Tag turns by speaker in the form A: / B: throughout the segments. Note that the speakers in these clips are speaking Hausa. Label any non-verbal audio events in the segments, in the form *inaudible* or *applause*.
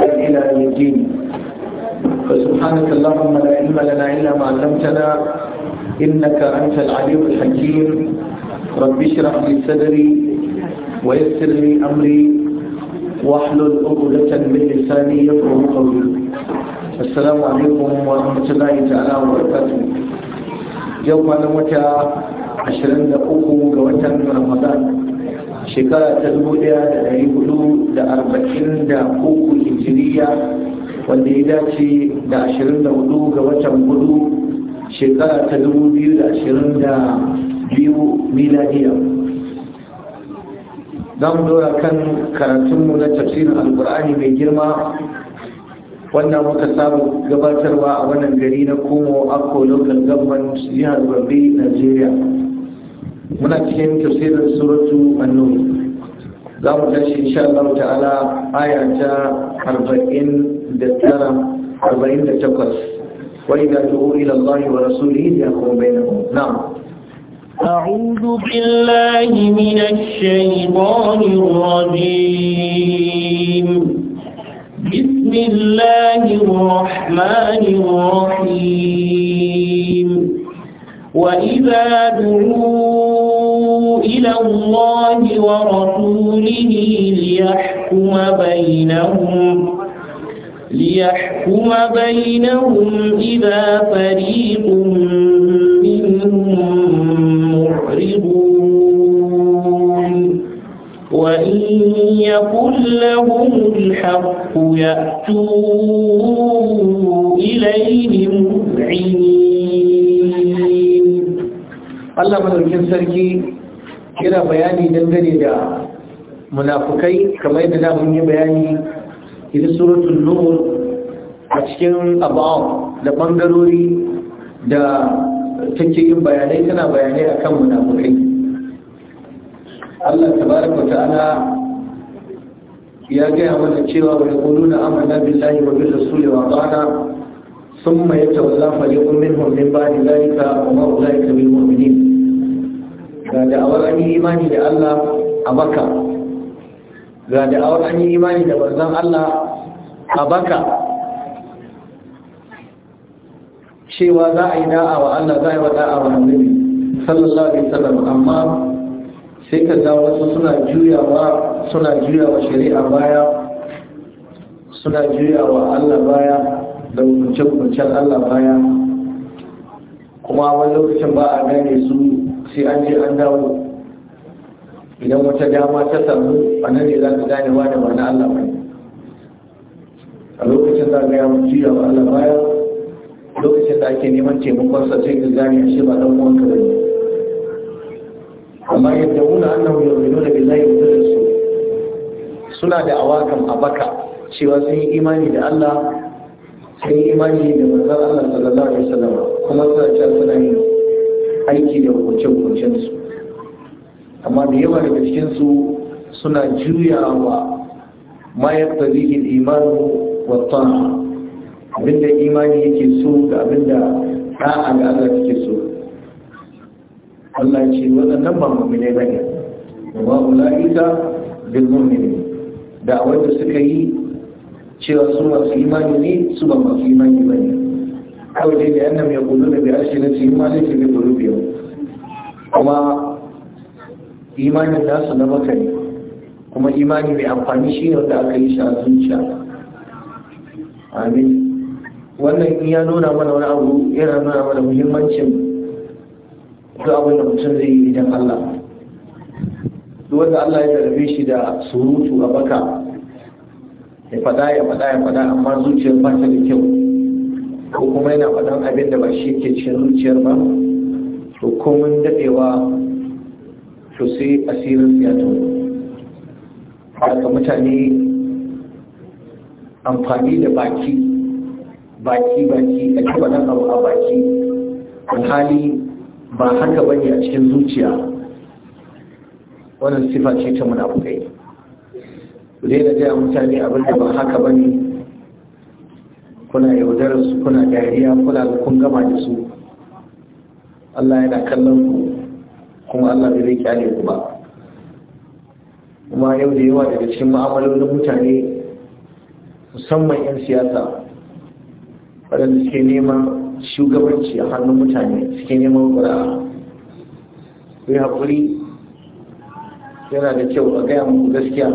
A: إلى الدين فسبحانك اللهم لا علم لنا إلا ما علمتنا إنك أنت العليم الحكيم رب اشرح لي صدري ويسر لي أمري واحلل عقدة من لساني يفقه قولي السلام عليكم ورحمة الله تعالى وبركاته يوم أنا متى 23 ga رمضان shekara ta dubu daya da dari hudu da arba'in da uku hijiriya wanda ya dace da ashirin da hudu ga watan hudu shekara ta dubu biyu da ashirin da biyu miladiya za mu dora kan karatunmu na tafsirin alkur'ani mai girma wannan muka samu gabatarwa a wannan gari na komo akko local government jihar babbi nigeria muna cikin tafsirin suratu annur za mu tashi insha Allah ta'ala aya ta 49 وإذا دعوا إلى الله ورسوله ليحكم بينهم نعم
B: أعوذ بالله من الشيطان الرجيم بسم الله الرحمن الرحيم وإذا دعوا إلى الله ورسوله ليحكم بينهم ليحكم بينهم إذا فريق منهم معرضون وإن يكن لهم الحق يأتوا إليه
A: مذعنين الله مدركين سركي yana bayani dangane da munafukai kamar yadda na mun yi bayani idan suratun nur a cikin abu'am da bangarori da take yin bayanai tana bayanai akan munafukai Allah tabaraka ta'ala ya gaya mana cewa wa yaquluna bin lahi wa bil rasuli wa sun thumma yatawalla fariqun minhum min ni dhalika wa ma kamar mu'minin ga da'awar an yi imani da Allah a baka ga da'awar an yi imani da barzan Allah a baka cewa za a yi da'a wa Allah za a yi wa da'a wa annabi sallallahu alaihi wasallam amma sai ka ga wasu suna juyawa suna juyawa shari'a baya suna juyawa Allah baya da hukunce-hukuncen Allah baya kuma wani lokacin ba a gane su sai an je an dawo idan wata dama ta samu a nan ne za ka gane wa da ba na Allah ba a lokacin za ka yawon jiya ba Allah baya lokacin da ake neman taimakon sa sai ka gane shi ba dan uwan ka bane amma yadda wuna annahu yu'minuna billahi wa su. suna da awakan abaka cewa sun yi imani da Allah sun yi imani da manzon Allah sallallahu alaihi wasallam kuma suna cewa suna yin aiki da hukunce-hukuncensu amma da yawa daga cikinsu suna juyawa ma ya tsarihin imanu wata abinda imani yake so da abinda ɗa'a da Allah take so Allah ce waɗannan ba mummune ba ne wa ula'ika bil ne. da wanda suka yi cewa su masu imani ne su ba masu imani ba ne kawai dai da yannan ya kudu da bi arshi na cikin ma ne ke kuma imanin nasu na ne, kuma imani mai amfani shi ne wanda aka yi shi a zuciya amin wannan in ya nuna mana wani abu yana nuna mana muhimmancin duk abin da mutum zai yi idan Allah duk wanda Allah ya zarafe shi da surutu a baka ya fada ya fada ya fada amma zuciyar ba ta da kyau ko kuma yana fadan abin da ba shi ke cikin zuciyar ba to komin dadewa to sai asirin yato haka mutane amfani da baki baki baki a kibanan abu a baki hali ba haka bane a cikin zuciya wannan sifa ce ta munafukai ku da gaya mutane abin da ba haka bane kuna yaudarar su kuna dariya kuna kun gama da su Allah yana kallon ku kuma Allah bai zai kyale ku ba kuma yau da yawa daga cikin ma'amalolin mutane musamman 'yan siyasa waɗanda suke neman shugabanci a hannun mutane suke neman ƙura'a kuri haƙuri yana da kyau a gaya muku gaskiya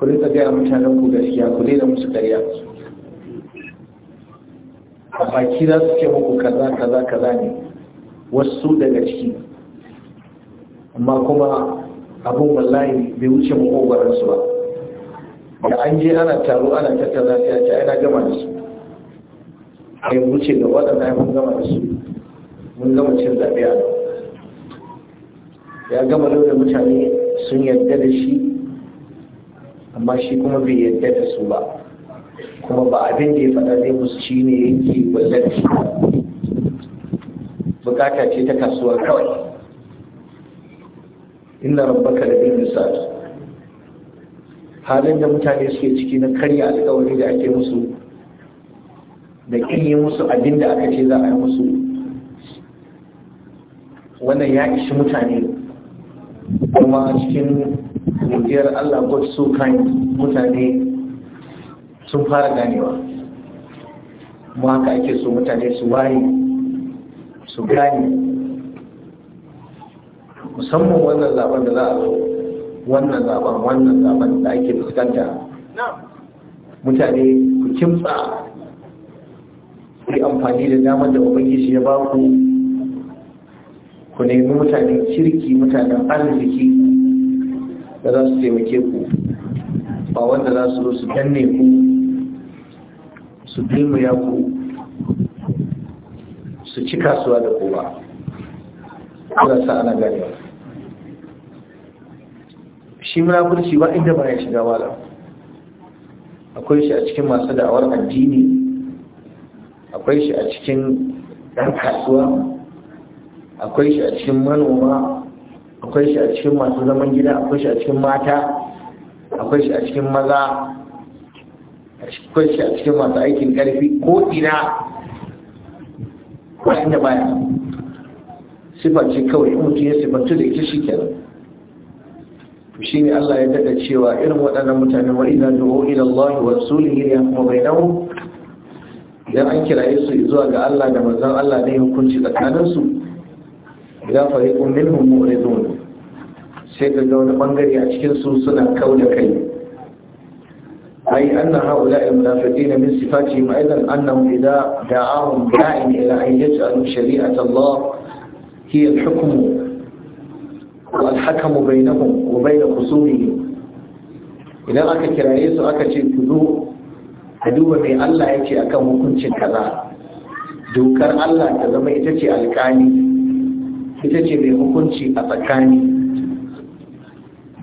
A: ku rinka gaya mutanen ku gaskiya ku daina musu ƙarya a baki za su ce muku kaza kaza kaza ne wasu daga ciki amma kuma abin wallahi bai wuce makogaransu ba da an je ana taro ana tattara sai a ce ana gama da su a yi wuce da waɗanda mun gama da su mun gama cin zaɓe a nan ya gama da mutane sun yarda da shi amma shi kuma bai yarda da su ba kuma ba abin da ya faɗa zai musu shi ne yake wallafi bukata ce ta kasuwa kawai inna rabbaka da bin misal halin da mutane suke ciki na karya wani da ake musu da kin yi musu abin da aka ce za a yi musu wannan ya ishi mutane kuma cikin godiyar Allah God so kind mutane sun fara ganewa Kuma haka ake so mutane su waye su gani musamman wannan zaben da za a zo wannan zaben wannan zaben da ake fuskanta mutane ku kimtsa yi amfani da damar da ubangiji ya ba ku ku nemi mutanen kirki mutanen arziki da za su taimake ku ba wanda za su zo su danne ku su ya ku su ci kasuwa da kowa Allah sa ana ganewa shi munafurci ba inda ba ya shiga malam akwai shi a cikin masu da'awar addini akwai shi a cikin ɗan kasuwa akwai shi a cikin manoma akwai shi a cikin masu zaman gida akwai shi a cikin mata akwai shi a cikin maza akwai shi a cikin masu aikin ƙarfi ko ina ko inda baya sifa kawai in mutum ya sifantu da ita shi kenan to shine Allah ya daɗa cewa irin waɗannan mutane wa idza duhu ila Allah wa kuma bai idan an kira su zuwa ga Allah da manzon Allah ne hukunci tsakanin su idan fariqun minhum mu'ridun sai ga wani bangare a cikin su suna da kai أي أن هؤلاء المنافقين من صفاتهم أيضا أنهم إذا دعاهم داع إلى أن يجعلوا شريعة الله هي الحكم والحكم بينهم وبين خصومهم إذا أكا كرايس أكا تنكذو أدوب من الله يكي أكا مكنش كذا دوكر الله كذا ما يتكي ألقاني يتكي بمكنش أتكاني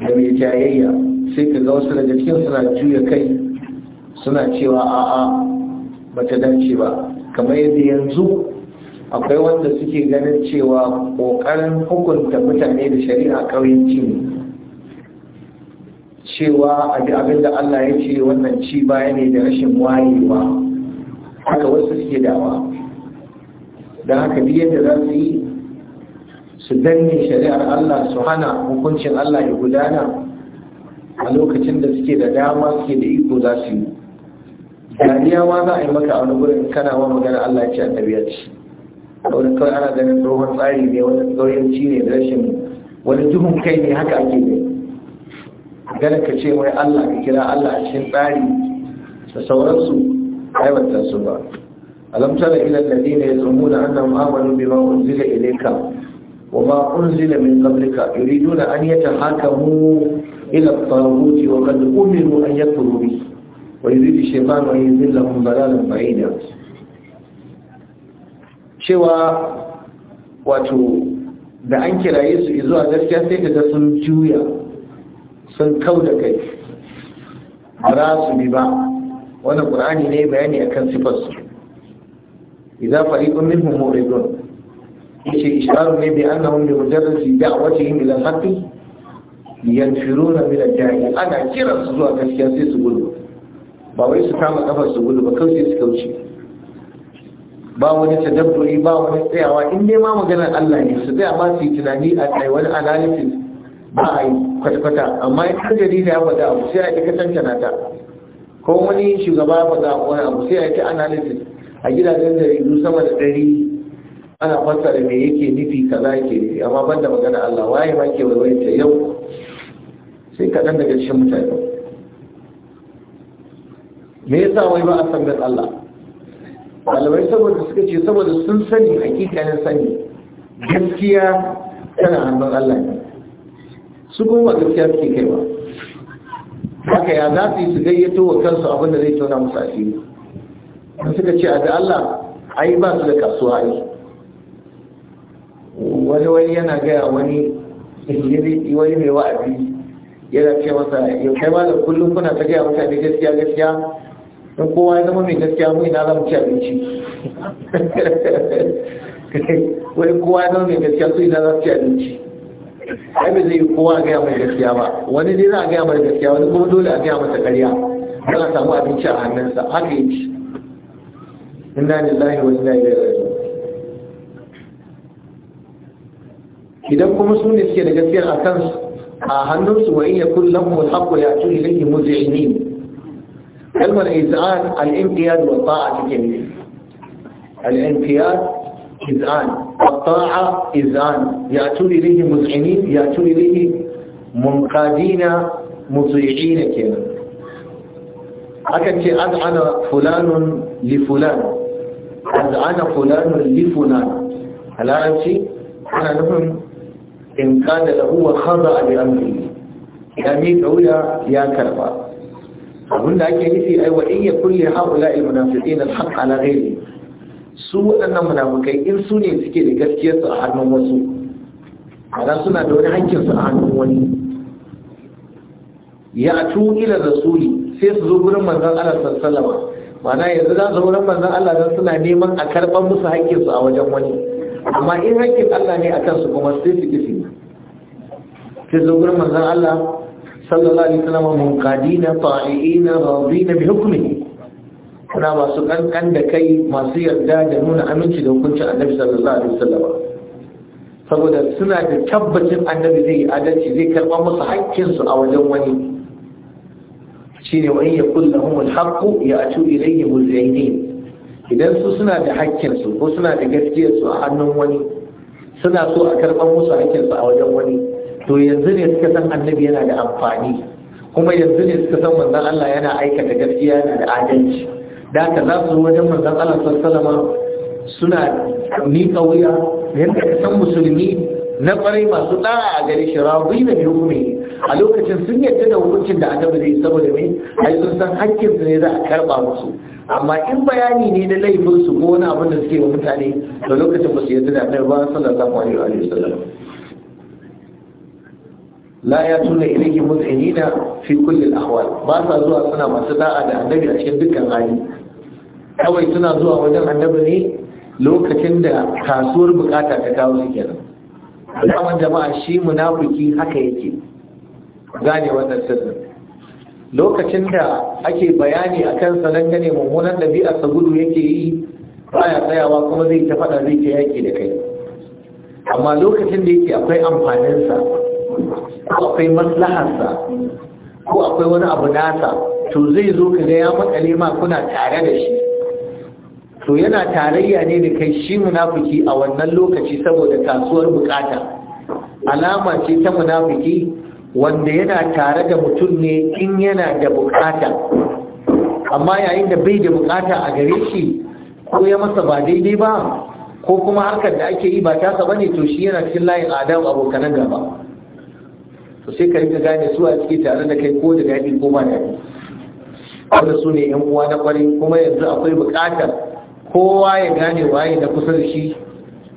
A: لم يتعيي sai ka ga wasu daga cikin suna juya kai suna cewa a'a bata dace ba kamar yadda yanzu akwai wanda suke ganin cewa ƙoƙarin hukunta mutane da shari'a ƙauyenci ne cewa abin da Allah ya ce wannan ci baya ne da rashin wayewa haka wasu suke dawa don haka biyar da za su yi su danne shari'ar Allah su hana hukuncin Allah ya gudana a lokacin da suke da dama suke da iko za su yi dariya ma za a yi maka a wani gurin kana wa magana Allah ce annabi ya A wani kawai ana ganin tsohon tsari ne wani gauyanci ne rashin wani duhun kai ne haka ake ne gana ka ce wai Allah ka kira Allah a cikin tsari da sauransu aiwata su ba alam tara ila alladhina yazumuna annahum amanu bima unzila ilayka وما أنزل من قبلك يريدون أن يتحاكموا إلى الطاغوت وقد أمروا أن يكفروا به ويزيد الشيطان ويذلهم ضلالا بعيدا cewa wato da an kiraye su zuwa gaskiya sai da sun juya sun kau da kai ba su bi ba wannan qur'ani ne bayani akan sifar su idza fariqun minhum muridun yace isharu ne bi annahum bi mujarrad da'watihim ila al-haqqi yanfiruna min ad-da'i ana kiransu zuwa gaskiya sai su gudu ba wai su kama kafar su gudu ba kawai su kauce ba wani tadabburi ba wani tsayawa in dai ma maganar Allah ne su tsaya ba su yi tunani a kai wani analysis ba a yi kwatakwata amma in har jarida ya faɗa abu sai a yi ka ta ko wani shugaba ya faɗa wani abu sai a yi ta analysis a gidajen jaridu sama da ɗari ana fassara me yake nufi kaza yake nufi amma banda magana Allah waye ma ke ta yau sai kaɗan daga cikin mutane me yasa wai ba a san dan Allah malamai saboda suka ce saboda sun sani hakikanin sani gaskiya tana hannun Allah ne su kuma gaskiya suke ba haka ya za su yi su gayyato wa kansu abin da zai tona musu asiri suka ce a da Allah ai ba su da kasuwa ai wani wani yana gaya wani wani mai wa'azi yana ce masa yau kai da kullum kuna ta gaya mutane gaskiya gaskiya don kowa ya zama mai gaskiya mu ina za mu ci abinci *laughs* Wani kowa ya zama mai gaskiya su ina za su ci abinci ai bai zai kowa gaya mai gaskiya ba wani ne za a gaya mai gaskiya wani kuma dole a gaya masa karya don a samu abinci a hannunsa haka za a yi wani inna ilaihi raji'un idan kuma su ne suke da gaskiya a kansu a hannunsu wa iya kullum mu haƙo ya tuni ilayhi muz'inin علم الإذعان الانقياد والطاعة في الجميل الانقياد إذعان والطاعة إذعان يأتون إليه مزعنين يأتون إليه منقادين مطيعين كما أكد أدعن فلان لفلان أدعن فلان لفلان هل أنت أنا نحن إن كان له خضع لأمره يميد أولى يا كرفات abinda ake nufi ai wa in kulle li haula al munafiqin al haqq ala ghairi su waɗannan munafikai in su ne suke da gaskiyar su a hannun wasu kada suna da wani hankin su a hannun wani ya tu ila rasuli sai su zo gurin manzon Allah sallallahu alaihi wasallam mana yanzu za su gurin manzon Allah dan suna neman a karɓar musu hakkin su a wajen wani amma in hakkin Allah ne akan su kuma sai su kifi sai zo gurin manzon Allah sallallahu alaihi wasallam munqadina ta'iina radina bi hukmihi kuna masu kankan da kai masu yarda da nuna aminci da hukuncin annabi sallallahu alaihi wasallam saboda suna da tabbacin annabi zai yi adalci zai karɓa musu haƙƙinsu a wajen wani shine wa in yakul lahum al-haqqu ya'tu ilayhi muzayyin idan su suna da haƙƙinsu ko suna da gaskiyarsu a hannun wani suna so a karɓar musu haƙƙinsu a wajen wani to yanzu ne suka san annabi yana da amfani kuma yanzu ne suka san manzon Allah yana aikata gaskiya da adalci da ka za su wajen manzon Allah sallallahu suna ni wuya yanda ka san musulmi na farai masu ɗara a gare shi rabi da hukumi a lokacin sun yadda da hukuncin da annabi zai saboda me ai sun san hakkin su ne za a karɓa musu amma in bayani ne na laifin su ko wani abin da suke wa mutane To lokacin ba su yadda da annabi ba sallallahu alaihi wa la ya tuna ilayhi mut'inina fi kulli al-ahwal ba sa zuwa suna masu da'a da annabi a cikin dukkan hali kawai suna zuwa wajen annabi ne lokacin da kasuwar bukata ta kawo su kenan alaman jama'a shi munafiki haka yake gane wannan sirri lokacin da ake bayani a kan sanan gane mummunan ɗabi'arsa gudu yake yi baya tsayawa kuma zai ta faɗa zai ta yaƙi da kai amma lokacin da yake akwai amfaninsa ko akwai maslaharsa ko akwai wani abu nasa to zai zo ka ga ya makale ma kuna tare da shi to yana tarayya ne da kai shi munafiki a wannan lokaci saboda kasuwar bukata alama ce ta munafiki wanda yana tare da mutum ne in yana da bukata amma yayin da bai da bukata a gare shi ko ya masa ba daidai ba ko kuma harkar da ake yi ba tasa bane to shi yana cikin layin adam abokanan gaba to sai ka rinka gane su a ciki tare da kai ko da gani ko ba daɗi wanda su ne 'yan uwa na kwarin kuma yanzu akwai buƙatar kowa ya gane waye na kusa da shi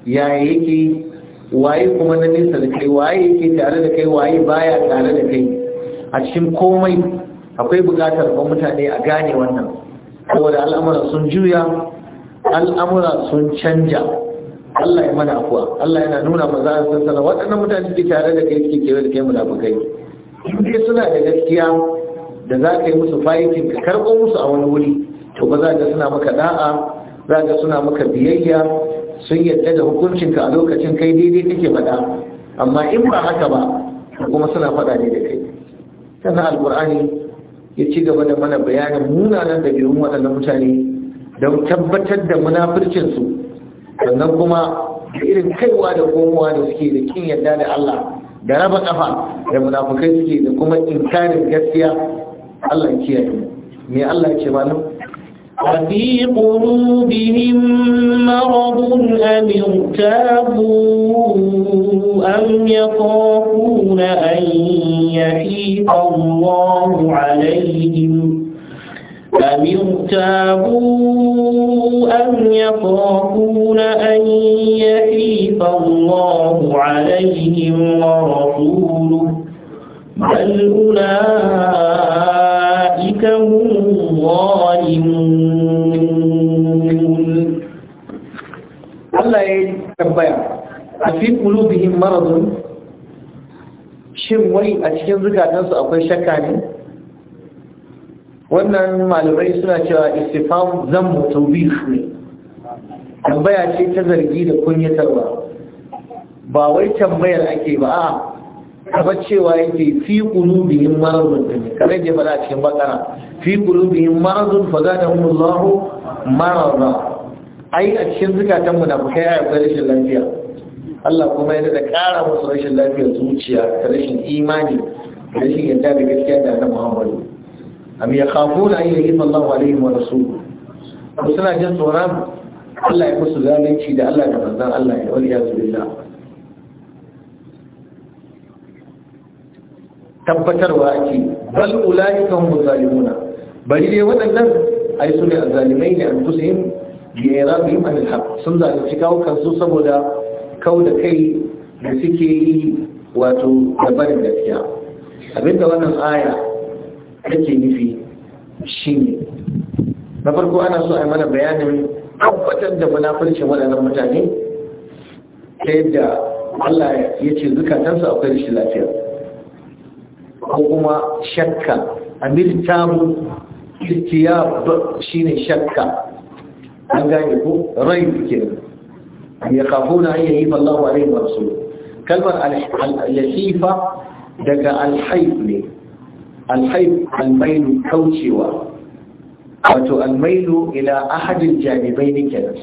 A: yaya yake waye kuma na nesa da kai waye yake tare da kai waye baya tare da kai a cikin komai akwai bukatar ba mutane a gane wannan saboda al'amura sun juya al'amura sun canja Allah ya mana afuwa Allah yana nuna maza a san sana waɗannan mutane ke tare da kai suke kewaye da kai munafukai in suna da gaskiya da za ka yi musu fayyacin ka karɓo musu a wani wuri to ba za ka suna maka da'a za ka suna maka biyayya sun yadda da hukuncin ka a lokacin kai daidai kake faɗa amma in ba haka ba kuma suna faɗa ne da kai sannan alƙur'ani ya ci gaba da mana bayanin munanan biyun waɗannan mutane don tabbatar da munafircinsu sannan kuma irin kaiwa da komowa da suke da kin yarda da Allah da raba kafa da munafukai suke da kuma inkarin gaskiya Allah ya kiyaye me Allah ya ce ba nan
B: وفي qulubihim maradun am ارتابوا am يخافون an يحيط Allahu alayhim am ارتابوا أَمْ يخافون أَنْ يَحِيفَ اللَّهُ عَلَيْهِمْ وَرَسُولُهُ بَلْ أُولَئِكَ هُمُ الظَّالِمُونَ الله
A: يتبع أفي قلوبهم مرض shin wai a cikin zukatansu akwai wannan malamai suna cewa istifam zan mutubih ne tambaya ce ta zargi da kunyatarwa ba wai tambayar ake ba a kaba cewa yake fi qulubihim da ne kamar da a cikin bakara fi qulubihim maradun fa zadahum Allah marada ai a cikin na kuka yaya akwai rashin lafiya Allah kuma ya da ƙara musu rashin lafiyar zuciya da rashin imani da rashin yadda da gaskiya da na Muhammadu. am yakhafuna an yuhimma Allahu alaihim wa rasuluhu ko suna jin tsoron Allah ya musu zalunci da Allah da manzon Allah ya waliya billah tabbatarwa ake bal ulaika hum zalimuna bari dai waɗannan ai su ne zalimai ne an kusihim bi irabihim an alhaq sun zalunci kawo kansu saboda kau da kai da suke yi wato da barin gaskiya abinda wannan aya kake nufi shine na farko ana so a yi mana bayanin tabbatar da munafircin waɗannan mutane ta yadda Allah ya ce zukatansu akwai rashin lafiya ko kuma shakka amir tamu shi ne shakka an gane ko rai ke an ya kafo na hanyar yi fallahu alaihi wasu kalmar al daga al ne alhaif almailu kaucewa wato almailu ila ahadin janibai ne kenan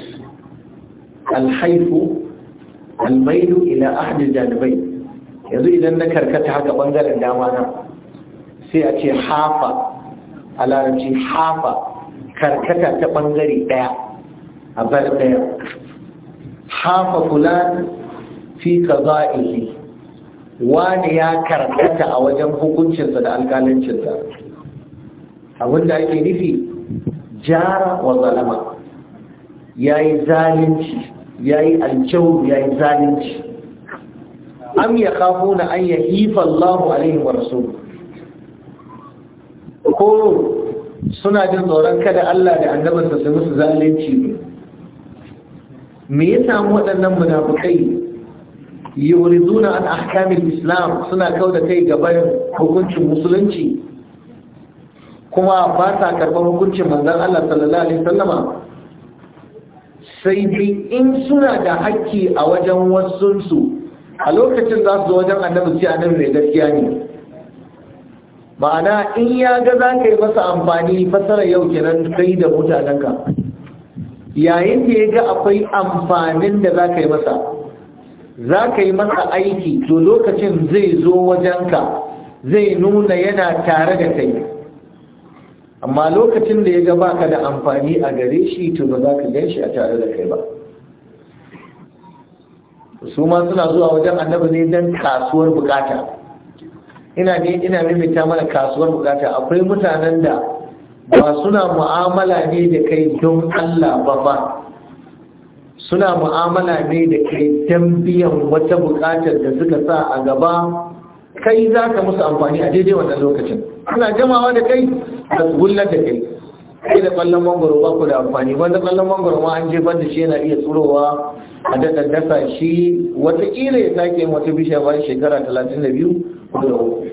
A: alhaifu almailu ila ahadin janibai yanzu idan na karkata haka bangaren dama na sai a ce hafa a larabci hafa karkata ta bangare daya a bar daya hafa fulan fi ka kaza'ihi wani ya karkata a wajen hukuncinsa da alkalincinsa abinda ake nufi jara wa zalama ya yi zalunci ya yi alkyau, ya yi zalunci am ya kafo na an ya hifar lahu alaihi wa ko suna jin tsoron kada Allah da annabinsa su musu zalunci me ya samu waɗannan munafukai yuriduna an ahkamin islam suna kau da kai gaban hukuncin musulunci kuma ba sa karɓar hukuncin manzon Allah sallallahu alaihi wasallama sai bi in suna da haƙƙi a wajen wasunsu a lokacin za su zo wajen annabi sai annabi mai gaskiya ne ma'ana in ya ga za ka yi masa amfani fasara yau kenan kai da mutanenka yayin da ya ga akwai amfanin da za ka yi masa za ka yi masa aiki to lokacin zai zo wajenka zai nuna yana tare da kai amma lokacin da ya gaba ka da amfani a gare shi to ba za ka gan shi a tare da kai ba su ma suna zuwa wajen annabi ne don kasuwar bukata ina ne ina mimita mana kasuwar bukata akwai mutanen da ba suna mu'amala ne da kai don Allah ba ba suna mu'amala ne da kai don biyan wata buƙatar da suka sa a gaba kai za ka musu amfani a daidai wannan lokacin ana jamawa da kai da gullar da kai kai da ƙwallon mangoro ba ku da amfani wanda ƙwallon mangoro ma an jefar da shi yana iya tsurowa a daɗar dasa shi wataƙila ya sake yin wata bishiya bayan shekara talatin da biyu da uku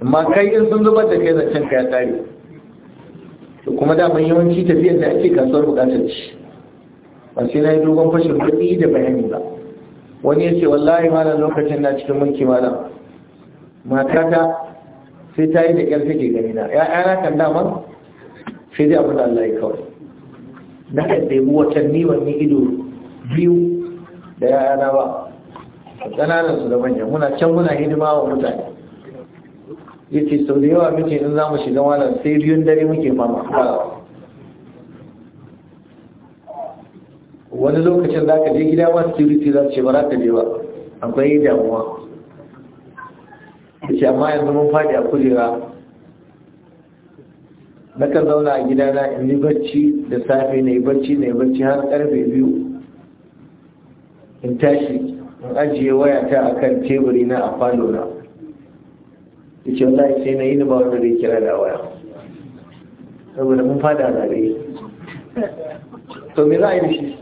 A: amma kai in sun zubar da kai zancen ka ya tare kuma daman yawanci tafiyar da ake kasuwar buƙatar shi ba sai na yi dogon fashin kuɗi da bayani ba wani ya ce wallahi malam lokacin na cikin mulki malam matata sai ta yi da ƙyar take gani na ya'yana kan dama sai dai abin da Allah ya kawai na kan ɗebi watanni wani ido biyu da ya'yana ba ƙananan su da manyan muna can muna hidima wa mutane ya ce sau da yawa muke in za mu shiga malam sai biyun dare muke fama farawa wani lokacin za ka je gida ma security za su ce bara za ka je ba akwai damuwa da ce amma yanzu mun faɗi a kujera na kan zauna a gida na in yi barci da safe na yi barci na yi barci har karfe biyu in tashi in ajiye wayata a kan teburi na a falo na da ce wallahi sai na yi ni ba wanda zai kira da waya saboda mun fada zaɓe to me za a yi da shi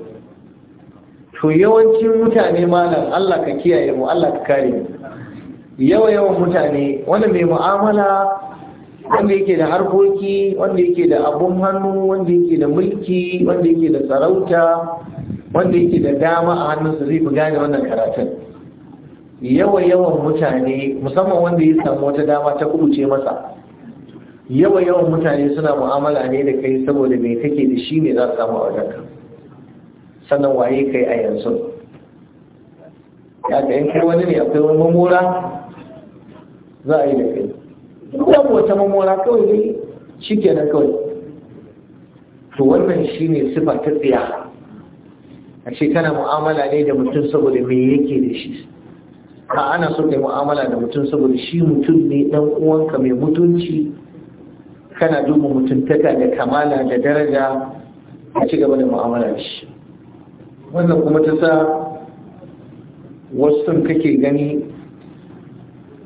A: to yawancin mutane malam Allah ka kiyaye mu Allah ka kare mu yawa yawan mutane wanda mai mu'amala wanda yake da harkoki wanda yake da abun hannu wanda yake da mulki wanda yake da sarauta wanda yake da dama a hannunsa zai fi gane wannan karatun yawa yawan mutane musamman wanda ya samu wata dama ta kubuce masa yawa yawan mutane suna mu'amala ne da kai saboda mai kake da shi ne za su samu a wajenka sannan waye kai a yanzu ya ka yanki wani ne akwai wani mamora za a yi da kai babu wata mamora kawai ne shi na kawai to wannan shi ne sifa ta tsiya a ce kana mu'amala ne da mutum saboda me yake da shi ka ana so kai mu'amala da mutum saboda shi mutum ne dan uwanka mai mutunci kana duba mutuntaka da kamala da daraja a ci gaba da mu'amala da shi wannan kuma ta sa wasu kake gani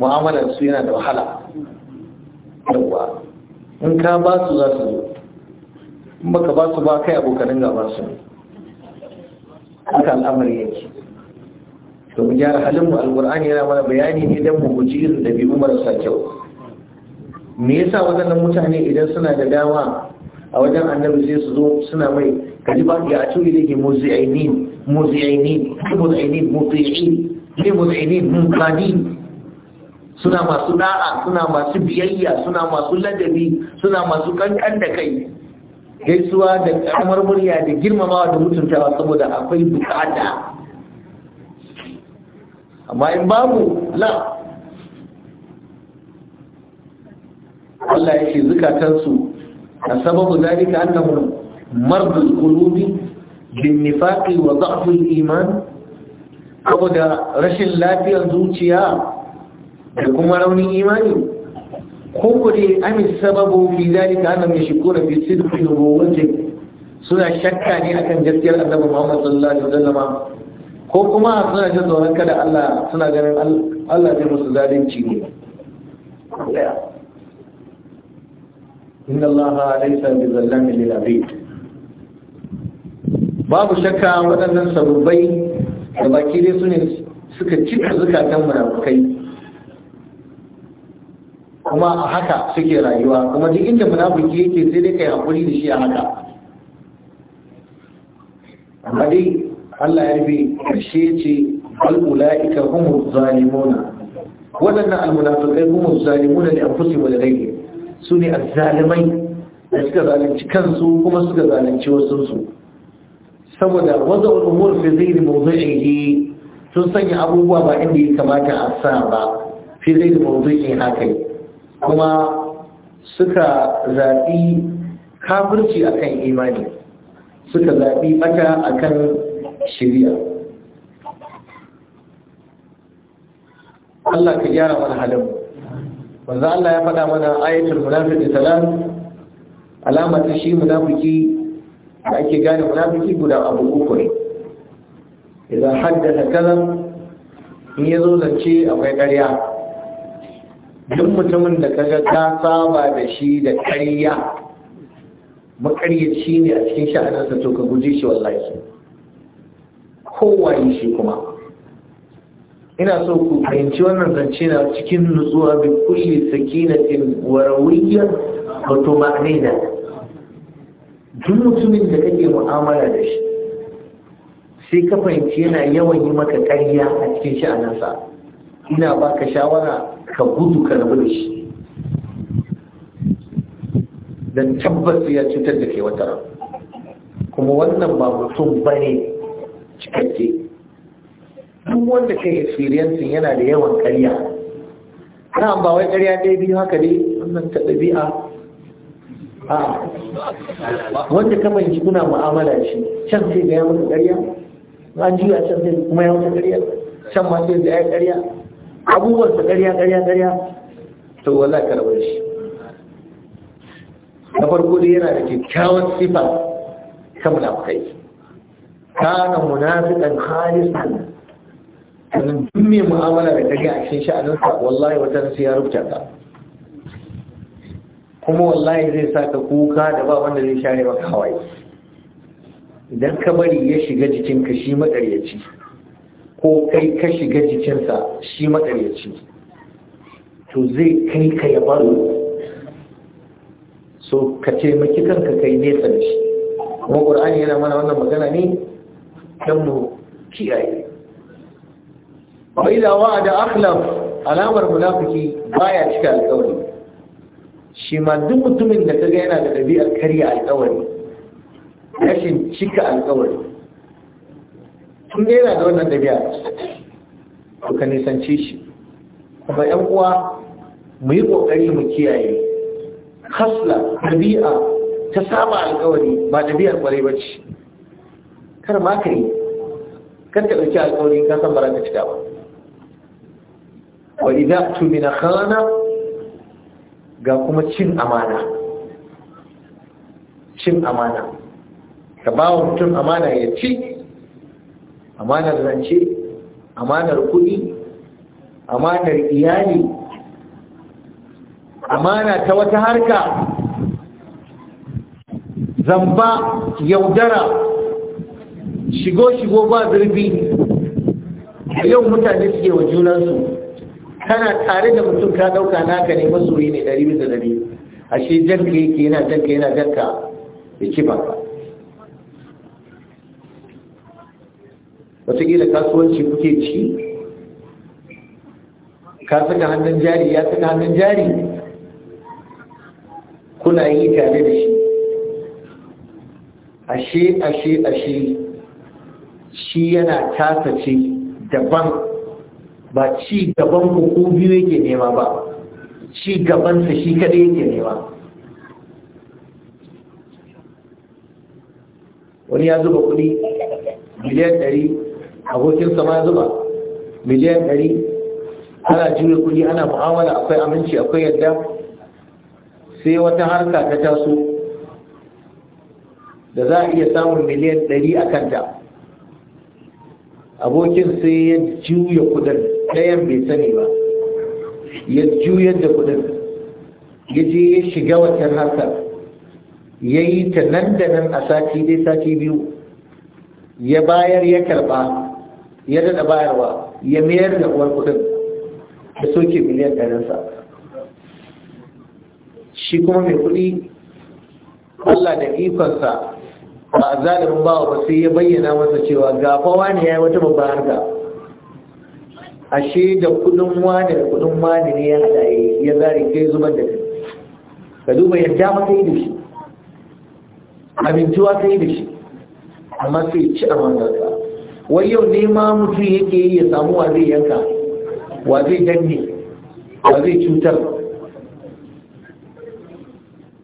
A: mu'amalar su yana da wahala yawa in ka ba su za su zo in baka ba su ba kai abokanin gaba su haka al'amari yake to mu gyara halin mu alqur'ani yana mana bayani ne don mu guji irin dabi'u marasa kyau me yasa waɗannan mutane idan suna da dama a wajen annabi sai su zo suna mai kaji ba ya a cikin yake muzi'inin muzi'inin muzi'inin muzi'in muzi'inin suna masu da'a suna masu biyayya suna masu ladabi suna masu kankan da kai gaisuwa da karamar murya da girmamawa da mutuntawa saboda akwai bukata amma in babu la Allah ya ce zukatansu السبب ذلك أنه مرض القلوب بالنفاق وضعف الإيمان saboda rashin lafiyar zuciya da kuma raunin imani ko kudi amin sababu fi zalika annam yashkura fi sidqi nubuwwati suna shakka ne akan gaskiyar annabi Muhammad sallallahu alaihi wasallam ko kuma suna jin tsoron kada Allah suna ganin Allah zai musu zalunci ne inna allaha laysa bizallamin lil abid babu shakka waɗannan sababbai da baki dai su ne suka cika zukatan munafukai kuma a haka suke rayuwa kuma duk inda yake sai dai kai da shi a haka amma dai Allah ya rufe ƙarshe ce su ne azzalimai da suka zalunci kansu kuma suka zalunci wasunsu saboda wanda umur fi zairi mawdu'ihi sun sanya abubuwa ba inda ya kamata a sa ba fi zairi mawdu'ihi haka kuma suka zaɓi kafirci akan imani suka zaɓi bata akan shari'a Allah ka gyara mana halin wanzu Allah ya faɗa mana ayatul munafiqi salat ta shi munafiki da ake gane munafiki guda abu uku ne idan haddasa kalam in ya zo zance akwai ƙarya duk mutumin da kaga ta saba da shi da ƙarya makaryaci ne a cikin sha'anarsa to ka guje shi wallahi kowaye shi kuma ina so ku fahimci wannan zance na cikin nutsuwa bi kulli sakinatin warawiyya wa tuma'nina duk mutumin da kake mu'amala da shi sai ka fahimci yana yawan yi maka ƙarya a cikin nasa ina baka shawara ka gudu ka rabu da shi dan tabbas ya cutar da ke wata kuma wannan ba mutum bane cikakke duk wanda kai experiencing yana da yawan karya na ba wai karya ɗaya biyu haka ne, wannan ta ɗabi'a a wanda ka fahimci kuna mu'amala shi can sai ga ya masa karya an juya can sai kuma ya masa karya can ma sai da ya karya abubuwan sa karya karya karya to wallahi karbar shi na farko dai yana da kyakkyawan sifa ta kai kana munafiqan khalisan sannan duk mai mu'amala da kage a cikin sha'aninsa wallahi wata su ya rubuta ka kuma wallahi zai sa ka kuka da ba wanda zai share maka hawaye idan ka bari ya shiga jikinka shi makaryaci ko kai ka shiga jikinsa shi makaryaci to zai kai ka ya baro so ka taimaki kanka kai nesa da shi kuma ƙur'ani yana mana wannan magana ne don mu kiyaye wa idza wa'ada akhlaf alamar munafiki baya cika alƙawari shima duk mutumin da kaga yana da ɗabi'ar karya alƙawari rashin cika alƙawari tun yana da wannan ɗabi'a to nisance shi kuma ƴan uwa mu yi ƙoƙari mu kiyaye hasla ɗabi'a ta saba alƙawari ba ɗabi'ar ƙwarai ba ce kar ma ka yi kar ka ɗauki alƙawari ka san ba ka cika ba wa idza tumina khana ga kuma cin amana cin amana ka ba wa mutum amana ya ci amanar rance amanar kuɗi amanar iyali amana ta wata harka zamba yaudara shigo-shigo ba zurfi yau mutane suke wa junansu kana tare da mutum ka dauka naka ne masoyi ne dari bisa dari ashe janka yake yana janka yana janka ya kiba wataƙila kasuwanci kuke ci ka saka hannun jari ya saka hannun jari kuna yi tare da shi ashe ashe ashe shi yana tasa ce daban ba ci gaban ku biyu yake nema ba ci sa shi kadai yake nema wani ya zuba kuɗi miliyan ɗari abokinsa ma zuba miliyan ɗari ana jure kuɗi ana mu'amala akwai aminci akwai yadda sai wata harka ta taso da za a iya samun miliyan ɗari a kanta abokin sai ya juya kudin ɗayan bai sani ba ya juyar da kudin ya je ya shiga wata haka ya yi ta nan da nan a sati dai sati biyu ya bayar ya karba ya daɗa bayarwa ya mayar da uwar kudin da soke miliyan ɗarinsa shi kuma mai kudi Allah da ikonsa ba a zalimin bawa ba sai ya bayyana masa cewa gafawa ne ya yi wata babbar harka ashe da kudin wani da kudin wani ne ya hada ya zari kai zubar da kai ka duba yadda maka yi da shi abincuwa ka yi da shi amma sai ci a mangarka wai yau ne ma mutum yake yi ya samu wa zai yanka wa zai danne wa zai cutar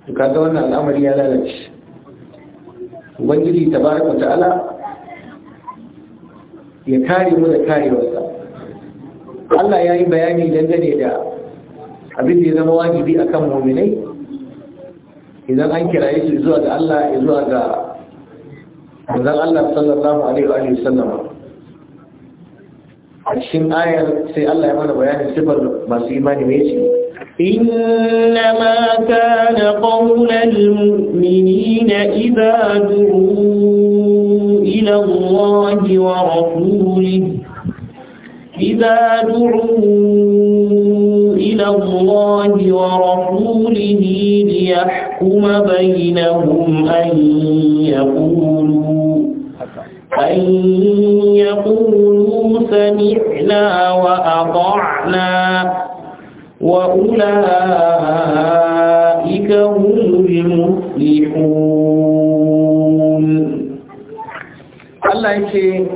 A: su kaga wannan al'amari ya lalace ubangiji tabaraka ta'ala ya kare mu da karewarsa Allah ya yi bayani dangane da abin da ya zama wajibi a kan muminai idan an kiraye su zuwa ga Allah zuwa ga manzan Allah sallallahu alaihi wa sallama a cikin ayar sai Allah ya mana bayanin sifar masu imani mai ce إنما كان قول
B: المؤمنين إذا دعوا إلى الله ورسوله إذا دعوا إلى الله ورسوله ليحكم بينهم أن يقولوا أن يقولوا سمعنا وأطعنا وأولئك هم المفلحون الله يقول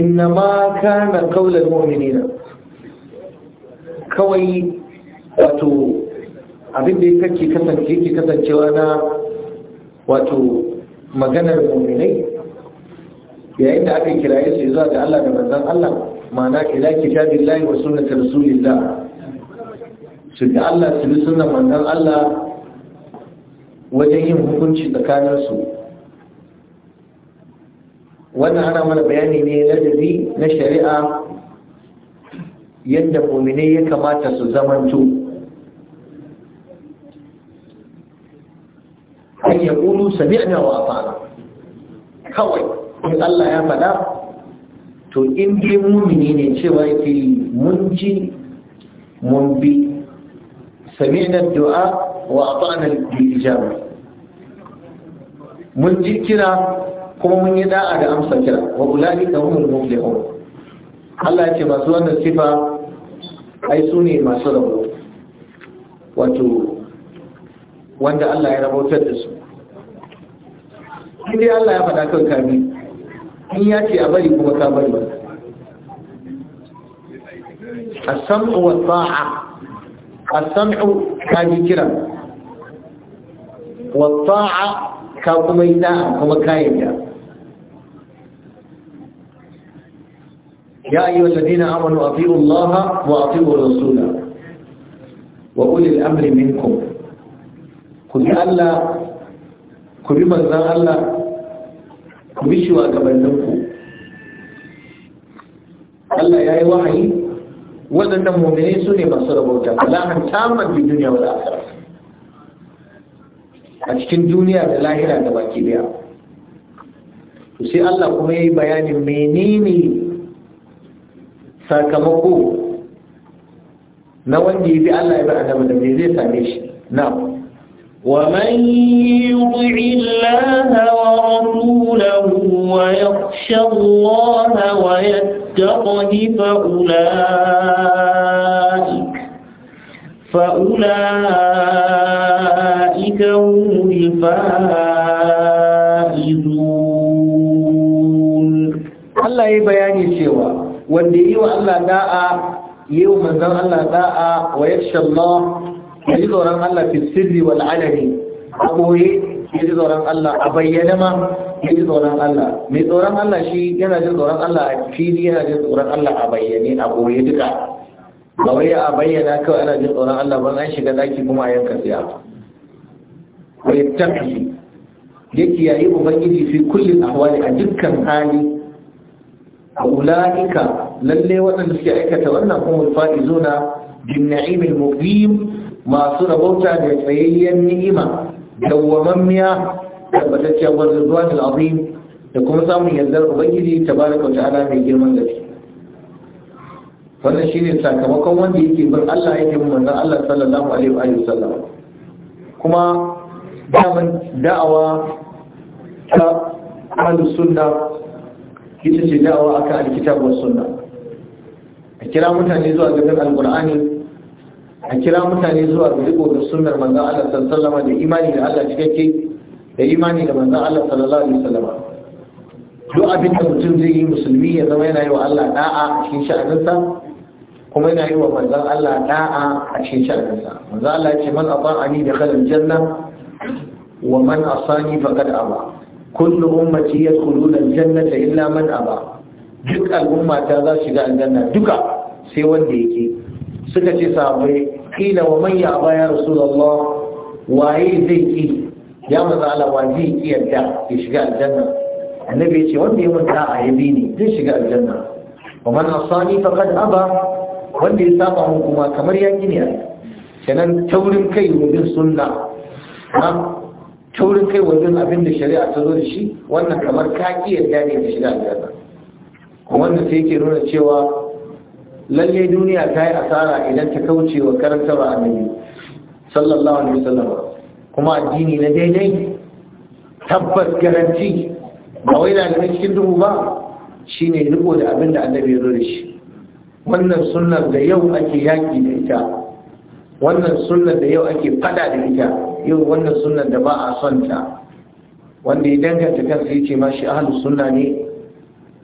A: إنما kana kaular mu'minina kawai wato abin da ya kasance ke kasancewa na wato maganar mu'minai yayin da aka kiraye su zuwa ga Allah da manzon Allah ma'ana ila kitabillahi wa sunnati rasulillah su da Allah su bi sunnar manzon Allah wajen yin hukunci tsakaninsu wannan ana mana bayani ne na na shari'a yadda muminai ya kamata su zamantu. an ya ƙulu sami'na wa fara kawai in Allah ya faɗa to in bi mumini ne cewa yake mun ji mun bi sami'na du'a wa ata'na al-ijaba mun ji kira kuma mun yi da'a da amsa kira wa ulai ka humul muflihun Allah ya ce masu wannan sifa ai su ne masu rabo wato wanda Allah ya rabautar da su in Allah ya faɗa kan kami in ya ce a bari kuma ka bari as-sam'u wa ta'a as-sam'u ka ji kira wa ta'a ka kuma yi da'a kuma ka yarda يا ايها الذين امنوا اطيعوا الله واطيعوا الرسول واولي الامر منكم قل الا كريم الله الله كبشوا غبنكم الله يا وحي wannan dan mu'mini sune masu rabauta lahan tamar din duniya da akhira a cikin duniya da lahira da baki daya to sai Allah kuma ya yi bayanin menene sakamako na wanda ya bi Allah ya bi annabi da me zai same shi na'am ومن يطع الله ورسوله ويخشى
B: الله ويتقه فأولئك فأولئك هم الفائزون
A: الله يبين wanda yi wa Allah da'a yi wa manzan Allah da'a wa yaksha Allah ya ji tsoron Allah fi sirri wal alani a boye ya ji tsoron Allah a bayyana ma ya ji tsoron Allah mai tsoron Allah shi yana jin tsoron Allah a fili yana jin tsoron Allah a bayyane a boye duka ba wai a bayyana kawai ana jin tsoron Allah ba an shiga daki kuma a yanka siya wa yattaqi yake yayi ubangiji fi kulli ahwali a dukkan hali ulaika lalle waɗanda suke aikata wannan kuma fa'izuna bin na'imil muqim masu rabauta da tsayayyen ni'ima dawwamammiya tabbatacciya wa rizwanil azim da kuma samun yardar ubangiji tabaraka wa ta'ala mai girman gaske wannan shine sakamakon wanda yake bin Allah yake bin maza Allah sallallahu kuma daman da'awa ta ahlus sunna ita ce da'awa akan alkitabu was sunna a kira mutane zuwa ga alqur'ani a kira mutane zuwa ga riko da sunnar manzon Allah sallallahu da imani da Allah cikakke da imani da manzon Allah sallallahu alaihi wasallam duk abin da mutum zai yi musulmi ya zama yana yi wa Allah da'a a cikin sha'aninsa kuma yana yi wa manzon Allah da'a a cikin sha'aninsa manzon Allah ya ce man a ata'ani da khalal janna wa man asani faqad aba kullu ummati yadkhuluna al-jannata illa man aba duk al'umma ta za shiga aljanna duka sai wanda yake suka ce sahabbai kila wa man ya aba ya rasulullah waye zai ki ya maza Allah wa zai ki yadda ya shiga aljanna annabi ya ce wanda ya manta a yabi ne zai shiga aljanna wa man asani faqad aba wanda ya saba mun kuma kamar ya ne kenan taurin kai wajen sunna taurin kai wajen abin da shari'a ta zo da shi wannan kamar ka ya dade da shiga aljanna kuma wannan sai yake nuna cewa lalle duniya ta yi asara idan ta kauce wa karanta ba annabi sallallahu alaihi wasallam kuma addini na daidai tabbas garanti ba wai da cikin duhu ba shine riko da abin da annabi ya zo da shi wannan sunnar da yau ake yaki da ita wannan sunnar da yau ake fada da ita yin wannan sunan da ba a son ta wanda ya danganta kansa ya ce ma shi ahalu sunna ne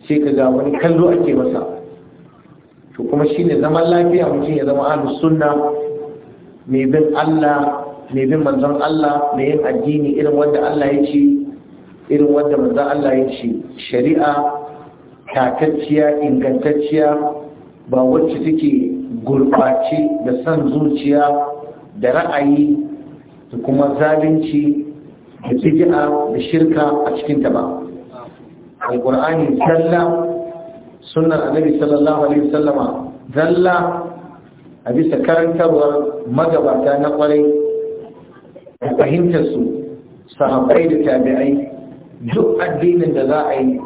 A: sai ka ga wani kallo ake masa to kuma shi ne zaman lafiya mutum ya zama ahalu sunna mai bin Allah mai bin manzon Allah mai yin addini irin wanda Allah ya ce irin wanda manzon Allah ya ce shari'a takacciya ingantacciya ba wacce take gurɓace da san zuciya da ra'ayi da kuma zalunci da bid'a da shirka a cikin ta ba alqur'ani sallah sunnar annabi sallallahu alaihi wasallama zalla a bisa karantarwar magabata na kwarai da fahimtar su sahabbai da tabi'ai duk addinin da za a yi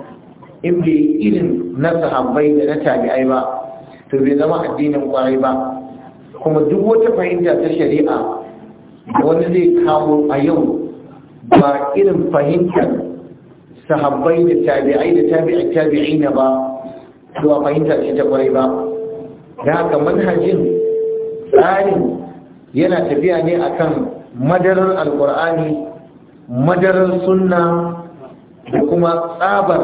A: in bai yi irin na sahabbai da na tabi'ai ba to bai zama addinin kwarai ba kuma duk wata fahimta ta shari'a wani zai kawo a yau ba irin fahimtar sahabbai da tabi'ai da tabi'ai tabi'ai na ba to a fahimtar shi ta kwarai ba da haka manhajin tsarin yana tafiya ne akan madarar alkur'ani madarar sunna da kuma tsabar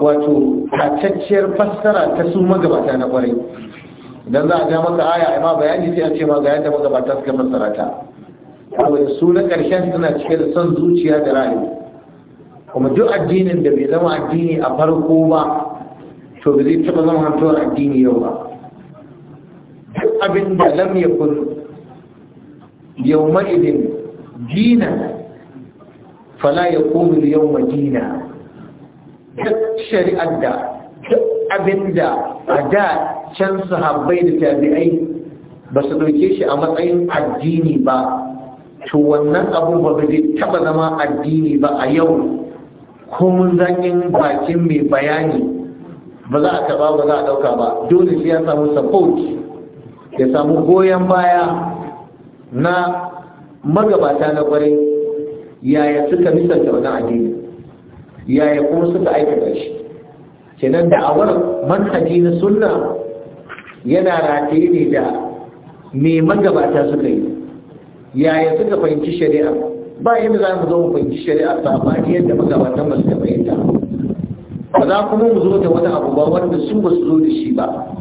A: wato tatacciyar fassara ta su magabata na kwarai idan za a ja maka aya ai ma bayani sai a ce ma ga yadda magabata suka fassara ta saboda su na ƙarshen suna cike da son zuciya da ra'ayi kuma duk addinin da bai zama addini a farko ba to ba zai taɓa zama hantuwar addini yau ba duk abin da lam yakun yawma dina fala yakunu yawma dina duk shari'ar da duk abin da a da can sahabbai da tabi'ai ba su ɗauke shi a matsayin addini ba to wannan abun ba zai taɓa zama addini ba a yau ko mun zakin bakin mai bayani ba za a taɓa ba za a ɗauka ba dole shi ya samu support ya samu goyon baya na magabata na kwarai yaya suka nisanta wani addini yaya kuma suka aikata shi kenan da'awar manhaji na sunna yana rataye ne da me magabata suka yi yaya suka fahimci shari'a ba yadda za mu zo mu fahimci shari'a ba ba yadda magabatan ba suka fahimta ba za kuma mu zo da wani abu ba wanda su ba su zo da shi ba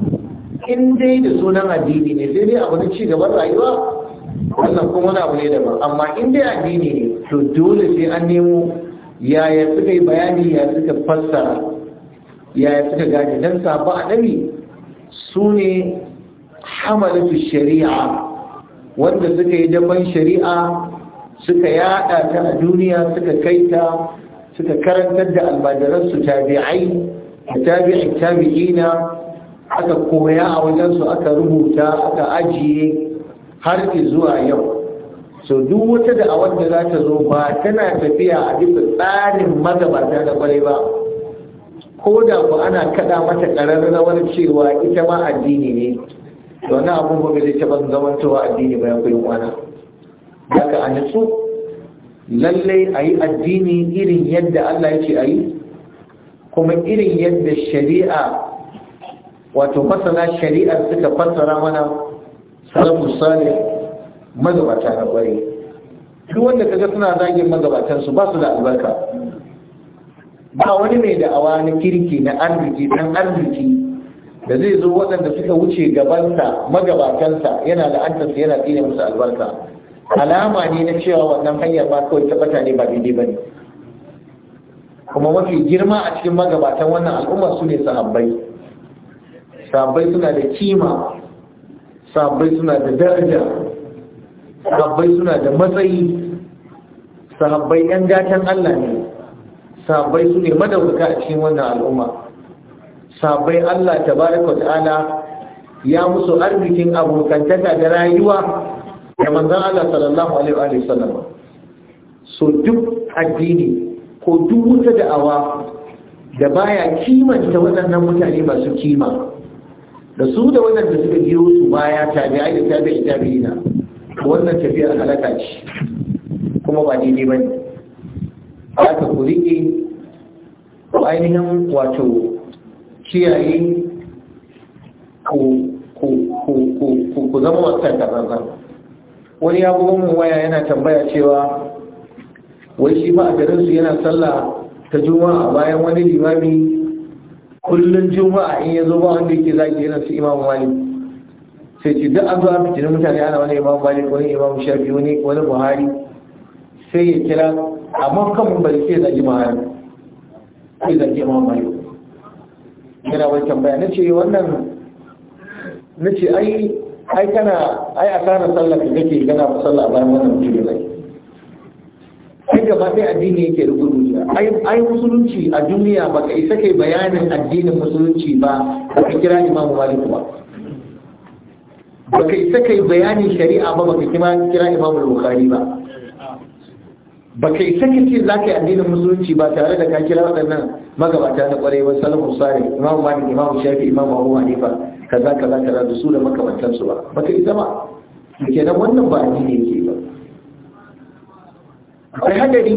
A: in dai da sunan addini ne sai dai abu na ci gaban rayuwa wannan kuma wani abu ne daban amma in dai addini ne to dole sai an nemo yaya suka yi bayani ya suka fassara yaya suka gane dan safa a ɗari su ne hamalatu shari'a wanda suka yi daban shari'a suka yada ta a duniya suka ta suka karantar da almajiransu tabi'ai da tabi'in tabi'ina aka koya a wajensu aka rubuta aka ajiye har zuwa yau so duk wata da'awar da za ta zo ba tana tafiya a bisa tsarin magabata da kwarai ba ko da ku ana kada mata rawar cewa ita ma addini ne to wani abun ba zai taɓa zamantowa addini ba ya kwana. wana daga a nutsu lallai a yi addini irin yadda allah ya ce a yi kuma irin yadda shari'a wato masana shari'ar suka fassara mana salafu salih mazabata na kwarai duk wanda kaga suna zagin su ba su da albarka ba wani mai da'awa na kirki na arziki dan arziki da zai zo waɗanda suka wuce gabansa magabatansa yana da la'antarsa yana tsine musu albarka alama ne na cewa wannan hanyar ba kawai tabbata ne ba daidai ba ne kuma mafi girma a cikin magabatan wannan al'umma su ne sahabbai sahabbai suna da kima sahabbai suna da daraja sahabbai suna da matsayi sahabbai yan gatan Allah ne sabai su ne madaukaka a cikin wannan al'umma sabai Allah tabaraka ta'ala ya musu arzikin abokantaka da rayuwa da manzon Allah sallallahu alaihi wa sallam so duk addini ko duk wata da'awa da baya kimanta waɗannan mutane masu kima da su da waɗanda suka biyo su baya tabi'ai da tabi'i na wannan tafiyar halaka ce kuma ba daidai bane aka ku riƙe ainihin wato kiyaye ku zama wasu tattarzan wani ya buga mun waya yana tambaya cewa wai shi ba a garinsu yana sallah ta juma'a bayan wani limami kullum juma'a in ya zo ba wanda yake zagi yana su imamu wani sai ce duk an fitinin mutane ana wani imamu wani imamu shafi wani buhari sai ya kira amma kan bai sai zagi ma sai zagi ma mai yana wai tambaya na ce wannan na ce ai ai kana ai a kana sallah ka kake kana sallah bayan wannan mutum zai ai gaba sai addini yake rubutu ai ai musulunci a duniya baka isa kai bayanin addinin musulunci ba ka kira imamu malik ba baka isa kai bayanin shari'a ba baka kira imamu bukhari ba ba kai sakaci za ka yi addinin musulunci ba tare da ka kira waɗannan magabata na ƙwarai ba salamu sari imam malik imam shafi imam abu hanifa kaza kaza kaza da su da makamantansu ba ba ka yi zama nan wannan ba addini yake ba akwai hadari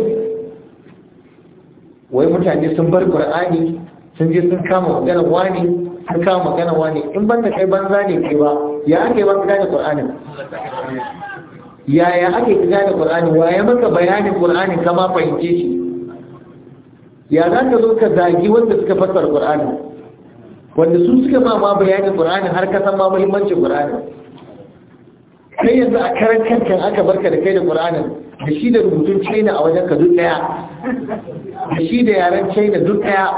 A: wai mutane sun bar qur'ani sun je sun kama magana wani sun kama magana wani in ban da kai banza ne ke ba ya ake ban gane qur'anin yaya ake ka da qur'ani waye maka bayanin qur'ani ka ma fahimce shi ya za ka zo ka zagi wanda suka fassara qur'ani wanda su suka ma ma bayanin qur'ani har ka san ma muhimmancin qur'ani kai yanzu a karan kankan aka barka da kai da qur'anin da shi da rubutun china a wajen ka duk daya
C: da shi da yaren china duk daya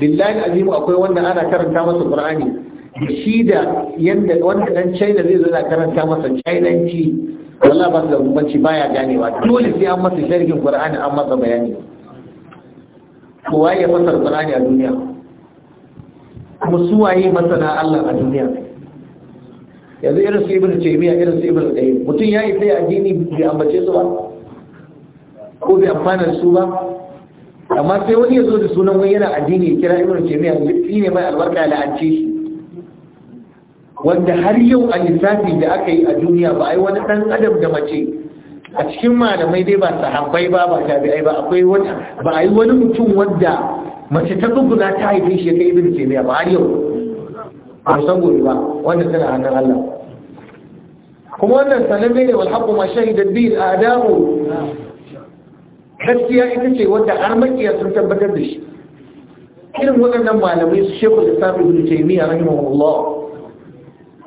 A: billahi azimu akwai wanda ana karanta masa qur'ani da shi da yadda wanda dan china zai zo karanta masa chinanci wallahi ba da bambanci baya ganewa dole sai an masa sharhin qur'ani an masa bayani kowa ya masa qur'ani a duniya kuma su waye na Allah a duniya yanzu irin su ibnu taymiya irin su ibnu qayyim mutum yayi sai addini bai ambace su ba ko bai amfana su ba amma sai wani ya zo da sunan wani yana addini kira ibnu taymiya ne mai albarka la'anci shi wanda har yau a lissafi da aka yi a duniya ba ai wani ɗan adam da mace a cikin malamai dai ba sahabbai ba ba ai ba akwai wani ba ai wani mutum wanda mace ta tsuguna ta haife shi kai ibn jami'a ba har yau ba san gobe ba wanda tana hannun Allah kuma wannan sananne ne wal haqqu ma shahida bil al adamu gaskiya ita ce wanda har makiya sun tabbatar da shi irin waɗannan malamai su shekul islam ibn jami'a rahimahullah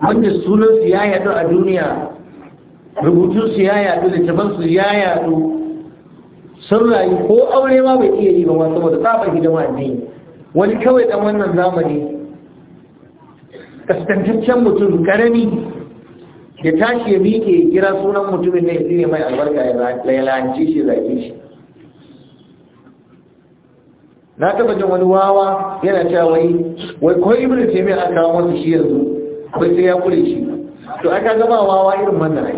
A: wanda sunansu ya yadu a duniya rubutunsu ya yadu littafansu ya yadu sun rayu ko aure ma bai iya yi ba wasu saboda tsabar hidima addini wani kawai dan wannan zamani kaskantaccen mutum karami da tashi ya miƙe kira sunan mutumin da ya mai albarka ya lalace shi zaki shi na taba jin wani wawa yana cewa wai wai ko ibnu taymiya aka kawo masa shi yanzu bai sai ya kure shi to aka gaba wawa irin wannan ai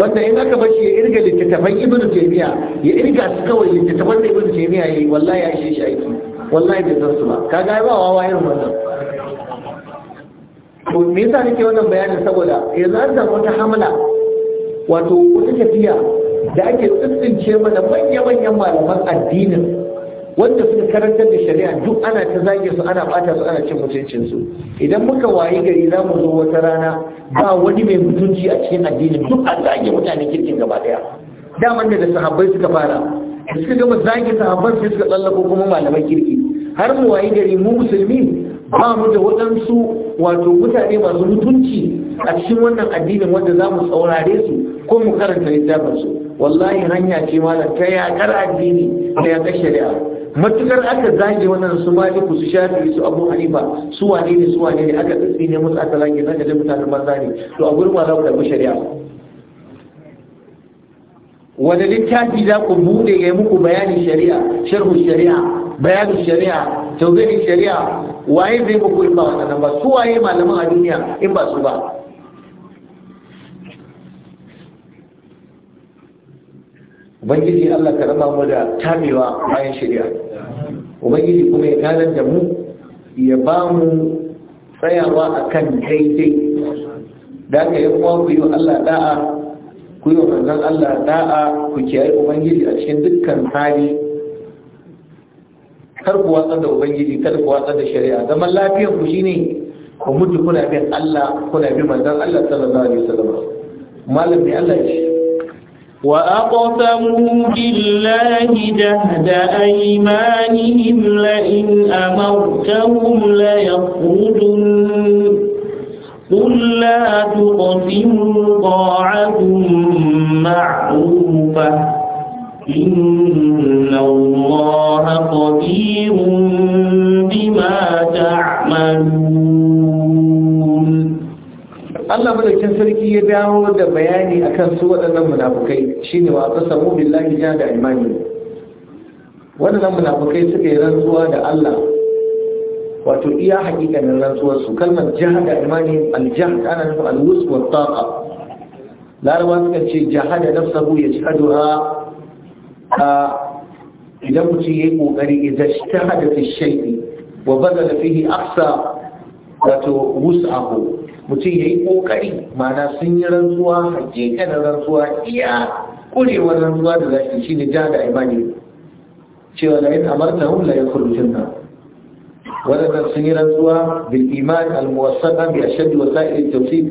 A: wanda in aka bashi ya irga littattafan ibnu taymiya ya irga su kawai littattafan da ibnu taymiya yayi wallahi ya ishe shi aiki wallahi bai san su ba kaga ai ba wawa irin wannan to me yasa nake wannan bayanin saboda yanzu an samu wata hamla wato wata tafiya da ake tsintsince mana manya-manyan malaman addinin wanda suka karantar da shari'a duk ana ta zage su ana bata su ana cin mutuncin su idan muka wayi gari za mu zo wata rana ba wani mai mutunci a cikin addini duk an zage mutanen kirkin gaba daya daman da sahabbai suka fara suka gama zage sahabban sai suka tsallako kuma malamai kirki har mu wayi gari mu musulmi ba mu da waɗansu wato mutane masu mutunci a cikin wannan addinin wanda za mu saurare su ko mu karanta littafin su wallahi hanya ce malam ta yakar addini ta yakar shari'a matukar aka zage wannan su maliku su shafi su abu hanifa su wane ne su wane ne aka tsitsi ne musu aka zage zaka da mutanen banza ne to a gurma za ku karbi shari'a wani littafi za ku bude ya muku bayanin shari'a sharhu shari'a bayanin shari'a tauzirin shari'a waye zai muku in ba wannan ba su waye malaman a duniya in ba su ba ubangiji Allah ka raba mu da tamewa bayan shari'a ubangiji kuma ya kanar da mu ya ba mu tsayawa akan daidai da ka yi kuma ku yi Allah da'a ku yi manzon Allah da'a ku kiyaye ubangiji a cikin dukkan hali kar ku watsar da ubangiji kar ku watsar da shari'a zaman lafiyar ku shine ku mutu kuna bin Allah kuna bin manzon Allah sallallahu alaihi wasallam malam ne Allah ya
B: وأقسموا بالله جهد أيمانهم لئن أمرتهم ليخرجن قل لا تقسموا طاعة معروفة إن الله قدير
A: بما تعملون Allah madaukin sarki ya dawo da bayani akan su waɗannan munafukai shine wa samu billahi da imani waɗannan munafukai suka yi rantsuwa da Allah wato iya hakikanin rantsuwar su kalmar jahada imani aljahd ana nufin alwus wa taqa larabawa suka ce ci nafsahu a idan mutum ya yi ƙoƙari idan shi ta hada fi shaiɗi wa baza fihi aqsa wato wus'ahu mutum ya yi ƙoƙari mana sun yi rantsuwa kada rantsuwa iya ƙurewar rantsuwa da zaki shi ne ja da imani cewa la yin amar na hula ya kurutun nan waɗannan sun yi rantsuwa bil iman al-muwassaka bi ashaddi wasa'il tawfiq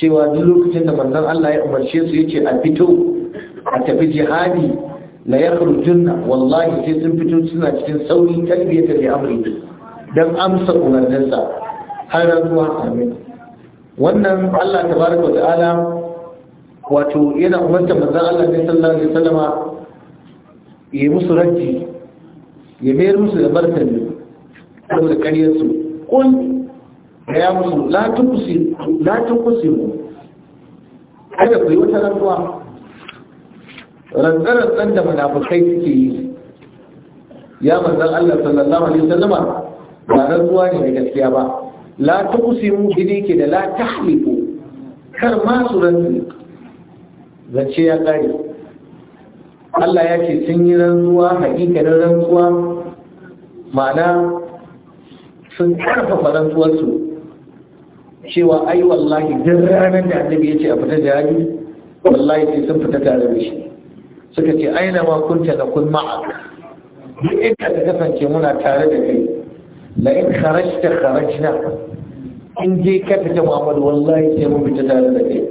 A: cewa duk lokacin da mandan Allah ya umarce su yace a fito a tafi jihadi la yakhrujunna wallahi sai sun fito suna cikin sauri talbiyata da amri don amsa umarninsa har rantsuwa amin wannan Allah tabaraka wa ta'ala wato yana umarta manzon Allah ne sallallahu alaihi wasallama yi musu raji ya mayar musu da martani saboda ƙaryar su kun ya musu la tukusi la kada ku yi wata rantsuwa rantsarantsan da munafukai suke yi ya manzan Allah sallallahu alaihi wasallama ba rantsuwa ne mai gaskiya ba la tuqsimu bidi ke da la tahlifu kar ma su rantsu Zance ya kare Allah ya ce sun yi rantsuwa hakikanin rantsuwa ma'ana sun karfafa rantsuwarsu cewa ai wallahi duk ranar da annabi ya ce a fita da jihadi wallahi sai sun fita tare da shi suka ce aina ma kunta da kun ma'a duk inda ka kasance muna tare da kai la in kharajta kharajna in je ka fita Muhammadu wallahi sai mu fita tare da kai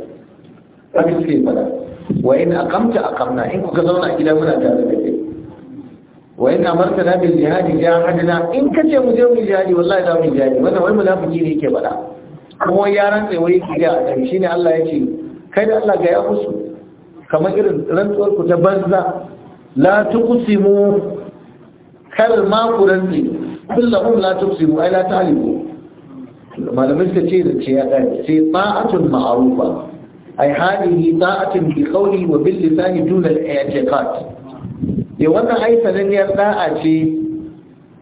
A: haka suke fada wa in aqamta akamna, in kuka zauna a gida muna tare da kai wa in amarta na bil jihadi hadina. in kace mu je mu jihadi wallahi za mu jihadi wannan wai munafiki ne yake fada kuma yaran tsaye wai gida a kan shine Allah ya ce kai da Allah ga ya musu kamar irin rantsuwar ku ta banza la tuqsimu kar ma ku rantsi kullahum la tuqsimu ai la ta'limu malamai suka ce da ce ya ɗaya sai ta'atun ma'arufa ai halihi ta'atun bi qawli wa bil lisani dun al i'tiqad ya wannan ai sananniyar da'a ce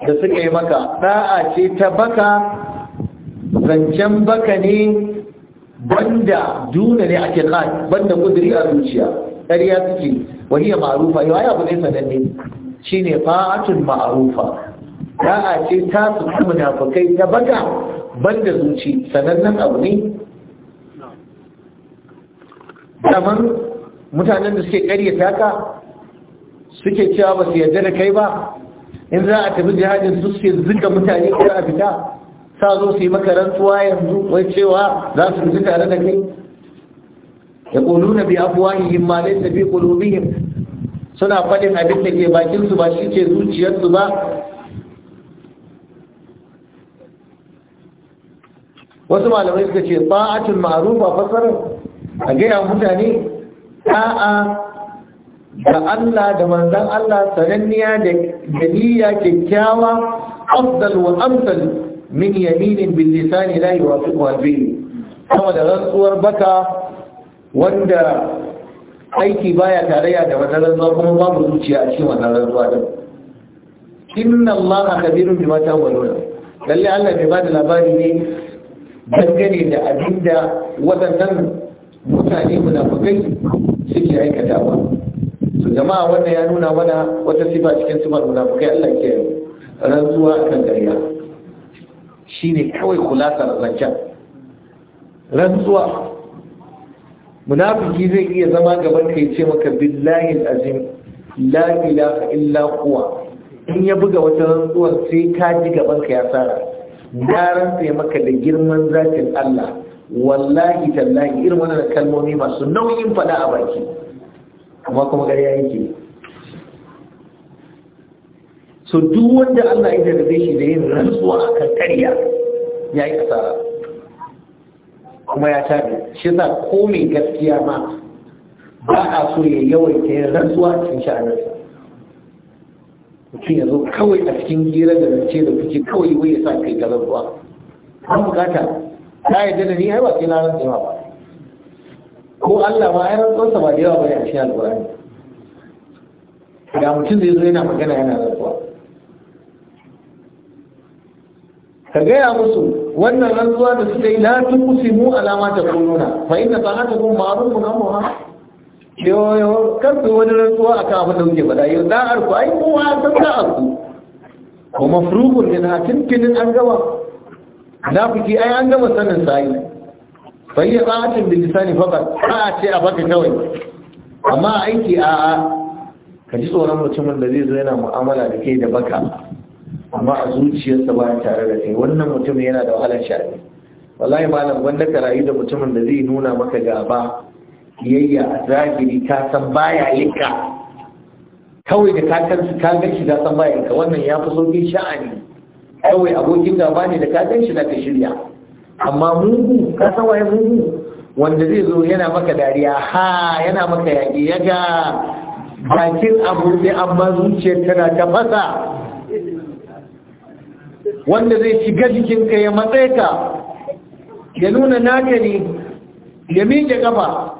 A: da suka yi maka da'a ce ta baka zancen baka ne banda duna ne ake kan banda kudiri a zuciya ƙarya suke wahiyya ma'arufa yau ya bude sananne shine fa'atun ma'arufa da'a ce ta su munafukai ta baka Ban da zuci sanannen abu ne daman mutanen da suke karyata taka suke cewa ba su yarda da kai ba in za a tafi jihadin su suke zuga mutane kar a fita sa zo su yi maka yanzu wai cewa za su fita tare da kai abuwa yi yi ma da fi qulubihim suna faɗin abin da ke bakinsu ba shi ce zuciyarsu ba wasu malamai suka ce ta'atul ma'rufa fasarar a gaya mutane ta'a da Allah da manzan Allah sananniya da niyya kyakkyawa afdal wa amsal min yaminin bil lisani la yuwafiqu al kuma da rantsuwar baka wanda aiki baya tarayya da wannan rantsuwa kuma babu zuciya a cikin wannan rantsuwa din inna allaha kabirun bima ta'maluna lalle Allah bai da labari ne dangane da abin da waɗannan mutane munafukai suke aikatawa su jama'a wannan ya nuna mana wata sifa cikin sifar munafukai Allah ke rantsuwa kan gariya shine kawai kulasar zancen rantsuwa munafiki zai iya zama gaban ka ce maka billahi azim la ilaha illa kuwa. in ya buga wata rantsuwar sai ka ji gaban ka ya tsara na rantse maka da girman zafin Allah wallahi tallahi irin wannan kalmomi masu nauyin fada a baki amma kuma ƙarya yake so duk wanda Allah ya zarge shi da yin rantsuwa a ƙarya ya yi asara kuma ya tabi shi sa ko mai gaskiya ma ba a so ya yawaita yin rantsuwa cikin sha'anarsa mutum ya zo kawai a cikin gira da zance da kuke kawai wai ya sa kai galar ruwa an bukata ta yi da ni ai ba sai na rantsa ba ko Allah ma ai rantsa ba da yawa bane a cikin alkurani ga mutum zai zo yana magana yana rantsuwa ka gaya musu wannan rantsuwa da suka yi la tuqsimu ala ma takununa fa inna ta'atukum ma'rufun amruha yau kar wani rantsuwa a kan abin da faɗa yau da'ar ku ai kowa san da'ar ku ko mafruqun din hatin kinin an gama munafiki ai an gama sanin sai bai ya ta'atin bil lisani faqat a ce a baka kawai amma aiki a a ka ji tsoron mutumin da zai zo yana mu'amala da kai da baka amma a zuciyarsa ba tare da kai wannan mutum yana da wahalar shari'a wallahi malam wanda ka rayu da mutumin da zai nuna maka gaba kiyayya a zahiri ka san baya yinka kawai da ka kan ka gan shi da san baya yinka wannan ya fi sauƙin sha'ani kawai abokin gaba ne da ka gan shi da ka shirya amma mugu ka san waye mugu wanda zai zo yana maka dariya ha yana maka yaƙi ya ga bakin abu sai amma zuciyar tana ta fasa wanda zai shiga jikinka ya matsaya ka ya nuna naka ne ya miƙe gaba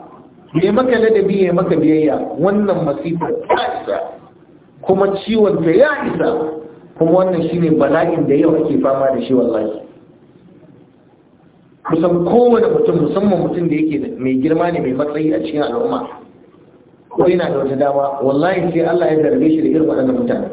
A: ya maka ladabi ya maka biyayya wannan masifar ta isa kuma ciwon ta ya isa kuma wannan shine bala'in da yau ake fama da shi wallahi kusan kowane mutum musamman mutum da yake mai girma ne mai matsayi a cikin al'umma ko yana da wata dama wallahi sai Allah ya zarge shi da irin waɗannan mutane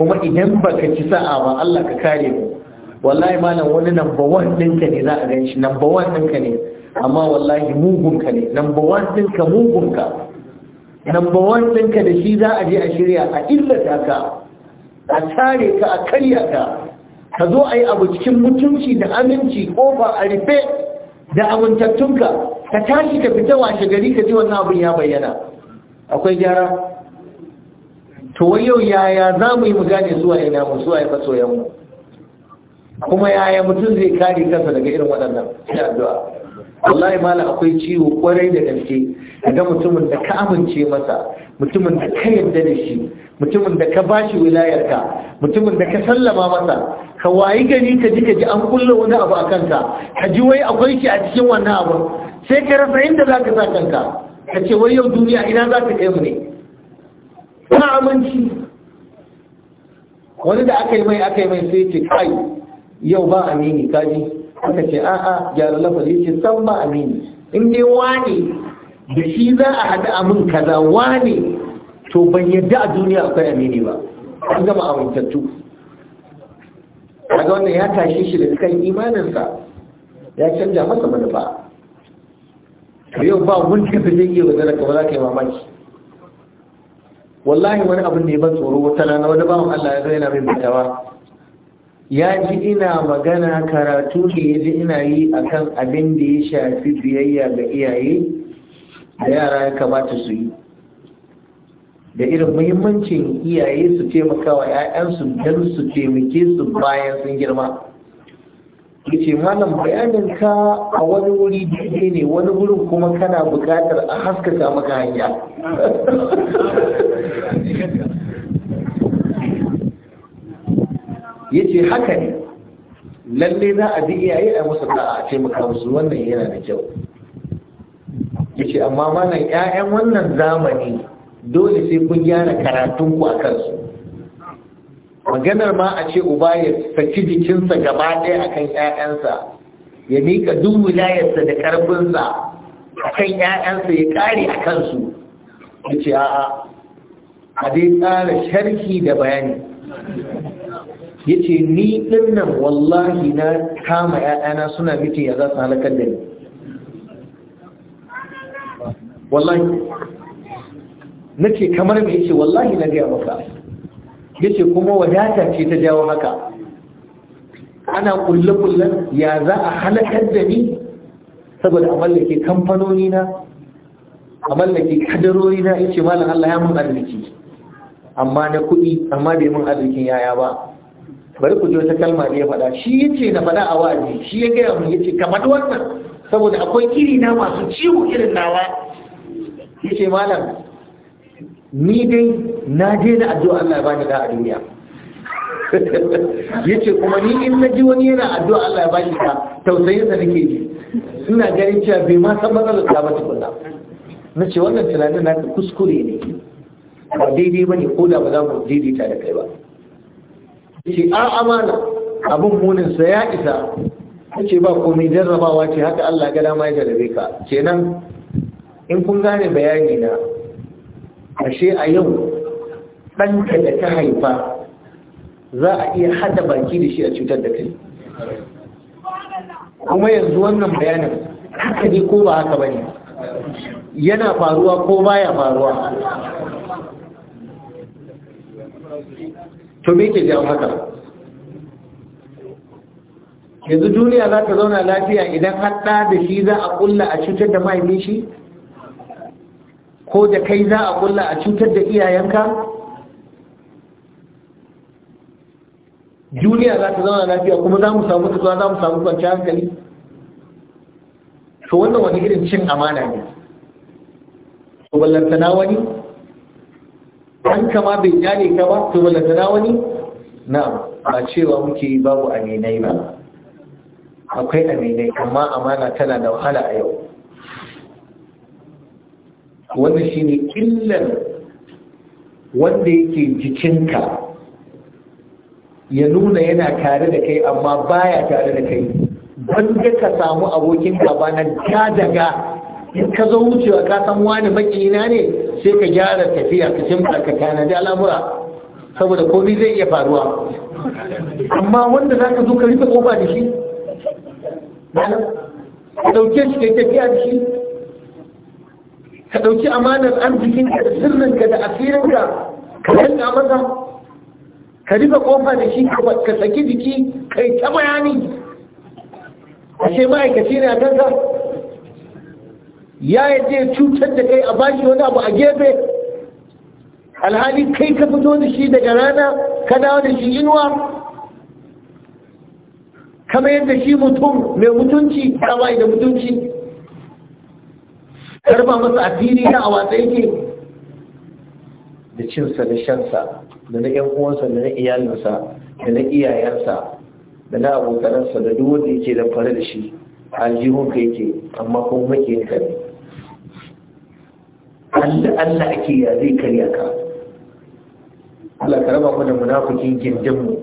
A: kuma idan baka ci sa'a ba Allah ka kare mu wallahi malam wani number 1 ɗinka ne za a gan shi number 1 ɗinka ne amma wallahi mugunka ne number one ɗinka mugunka number one ɗinka da shi za a je a shirya a illata ka a tare ka a karya ka ka zo a yi abu cikin mutunci da aminci kofa a rufe da amintattunka ka tashi ka fita washe gari ka ji wannan abin ya bayyana akwai gyara to wai yau yaya za mu yi mu gane zuwa ina mu zuwa ya fasoyan mu kuma yaya mutum zai kare kansa daga irin waɗannan ina addu'a wallahi mala akwai ciwo kwarai da gaske ga mutumin da ka amince masa mutumin da ka yarda da shi mutumin da ka bashi wilayarka mutumin da ka sallama masa ka wayi gani ka ji ka ji an kulla wani abu a kanka ka ji wai akwai shi a cikin wannan abu sai ka rasa inda za ka sa kanka ka ce wai yau duniya ina za ka kai mu ne ka aminci wani da aka yi mai aka yi mai sai ce kai yau ba amini ji. aka ce a'a gyara lafazi ce san ba amini in dai wane da shi za a haɗa kaza wa ne? to ban yadda a duniya akwai amini ba an gama amintattu ga wannan ya tashe shi da kan imaninsa ya canja masa manufa yau ba wanda da zai iya bazara kamar za ka yi mamaki wallahi wani abin da ya ban tsoro wata rana wani bawan Allah ya zai yana min mutawa ya ji ina magana karatu da ya ji ina yi a kan abin da ya shafi biyayya ga iyaye da yara ya kamata su yi da irin muhimmancin iyaye su taimakawa 'ya'yansu don su taimake su bayan sun girma Ya ce malam bayanin ka a wani wuri daidai ne wani wurin kuma kana bukatar a haskaka maka hanya *laughs* yace haka ne lalle za a bi iyaye a musu da a taimaka musu wannan yana da kyau yace amma manan yayan wannan zamani dole sai kun gyara karatunku a kansu maganar ma a ce uba ya saki jikinsa gaba ɗaya akan ƴaƴansa ya mika duk wilayarsa da karfinsa kan ƴaƴansa ya ƙare a kansu yace a'a a dai tsara sharhi da bayani ya ce ni ɗin nan wallahi na kama ‘ya'yana suna mitin ya za su halakar da ni wallahi na ce kamar mai ce wallahi na gaya maka ya ce kuma wadata ce ta jawo haka ana kulle-kullen ya za a halakar da ni saboda a mallake kamfanoni na a mallake kadarori na ya ce malin Allah ya mun arziki amma na kuɗi amma yi mun arzikin yaya ba bari ku ta kalma da ya faɗa shi ya ce na faɗa a wa'azi shi ya gaya mun ya ka faɗi wannan saboda akwai iri na masu ciwo irin nawa Ya ce, malam ni dai na je na addu'a Allah ya bani da a duniya *laughs* ce, kuma ni in na ji wani yana addu'a Allah ya bani da tausayin sa nake ji ina ganin cewa bai ma san matsalar ta ba tukunna na ce wannan tunanin na kuskure ne ba daidai ba ne, ko da ba za mu daidaita da kai ba ce a amana abin muninsa ya isa ta ce ba komai jarrabawa ce haka Allah ga dama ya jarrabe ka kenan in kun gane bayani na ashe a yau ɗanka da ta haifa za a iya hada baki da shi a cutar da kai kuma yanzu wannan bayanin haka ne ko ba haka bane yana faruwa ko baya faruwa to me ke jawo haka yanzu duniya za ta zauna lafiya idan haɗa da shi za a ƙulla a cutar da mahaifin shi ko da kai za a ƙulla a cutar da iyayenka duniya za ta zauna lafiya kuma za mu samu tutuwa za mu samu kwanciyar hankali to wannan wani irin cin amana ne to ballantana wani an kama bai jane ka ba to balantana wani na ba cewa muke babu aminai ba akwai aminai amma amana tana da wahala a yau wannan ne illan wanda yake jikinka ya nuna yana tare da kai amma baya tare da kai wanda ka samu abokin gaba na daga in ka zo wucewa ka san wani makina ne sai ka gyara tafiya ka shimfa ka da al'amura saboda komai zai iya faruwa amma wanda za ka zo ka rufe kofa da shi ka ɗauke shi kai tafiya da shi ka ɗauki amanar arzikinka da sirrinka da asirinka ka yanka masa, ka rufe kofa da shi ka saki jiki kai ta bayani ashe ma'aikaci ne a kanka ya je cutar da kai a bashi wani abu a gefe alhali kai ka fito da shi daga rana ka dawo da shi inuwa kamar yadda shi mutum mai mutunci kama da mutunci karba masa asiri na a watsa yake da cinsa da shansa da na yan uwansa da na iyalinsa da na iyayensa da na abokanansa da duk wanda yake da fara da shi aljihunka yake amma kuma ke ka ne Allah Allah ake ya zai karya ka Allah ka raba da munafukin gindin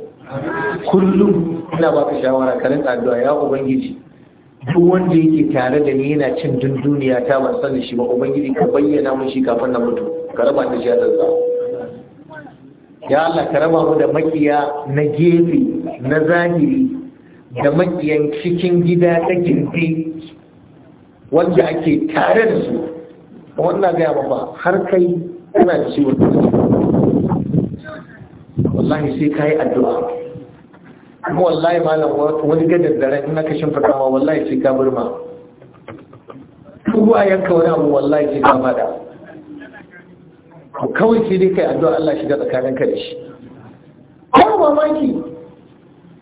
A: kullum ina ba baka shawara ka rinka addu'a ya ubangiji duk wanda yake tare da ni yana cin dunduniya ta ban san shi ba ubangiji ka bayyana mun shi kafin na mutu ka raba da shi da ya Allah ka raba mu da makiya na gefe na zahiri da makiyan cikin gida ta gindi wanda ake tare da su wannan gaya ba ba har kai yana da ciwon wallahi sai ka yi addu'a kuma wallahi malam wani gadar daren ina ka shimfiɗawa wallahi sai ka burma tubuwa yanka wani abu wallahi sai ka fada kawai sai dai kai addu'a Allah shiga tsakanin ka da shi kuma mamaki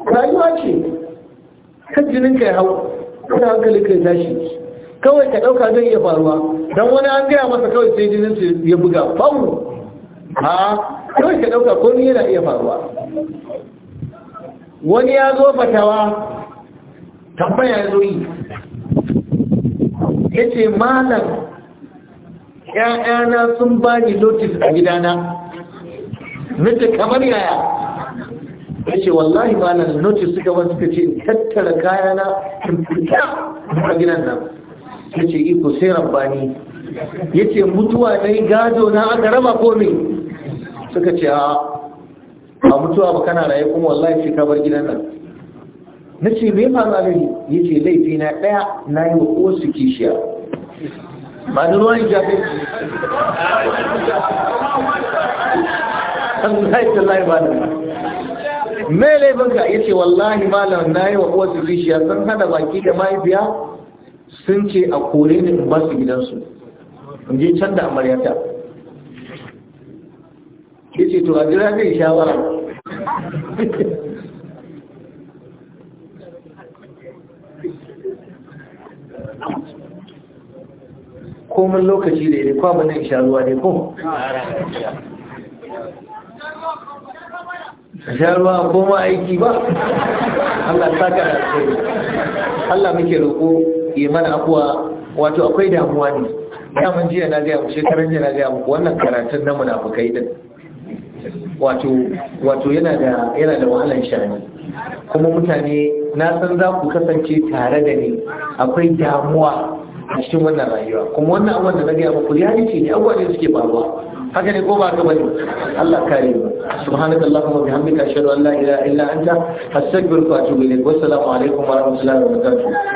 A: rayuwa ce kan jinin ya hau kuma hankali kai tashi kawai ka ɗauka zai iya faruwa don wani an gaya masa kawai sai jinin su ya buga bau. ha kawai ka ɗauka ko yana iya faruwa wani ya zo fatawa tambaya ya zo yi ya ce malam ‘ya'yana sun ba ni lotis a gidana nace kamar yaya ya ce wallahi malam lotis suka wasu suka ce tattara kayana in fita a gidan nan ta ce iko sai rabbani ya ce mutuwa na yi gado na aka raba komai suka ce a a mutuwa ba kana raye kuma wallahi shi ka bar gidan nan na ce mai faru a ya ce laifi na ɗaya na yi wa kosu kishiya ba da ruwan jafi zai ta tallahi ba da mai laifinka ya ce wallahi malam na yi wa kosu kishiya sun hada baki da mahaifiya sun ce a kore ne in ba su gidansu in ji can da amaryata ya ce to a jira zai shawara komin lokaci da ya kwa ba zai sha ruwa ne ko sha ruwa ko ma aiki ba Allah saka da Allah muke roƙo ya mana abuwa wato akwai damuwa ne daman jiya na gaya mu shekaran jiya na gaya mu wannan karatun na munafukai din wato wato yana da yana da shani kuma mutane na san za ku kasance tare da ni akwai damuwa a cikin wannan rayuwa kuma wannan abubuwan da na gaya muku ya ce ne abubuwa ne suke faruwa haka ne ko ba ka bane Allah kare mu subhanallahi wa bihamdika ashhadu an la ilaha illa anta astaghfiruka wa atubu ilayk wa assalamu alaikum wa rahmatullahi wa barakatuh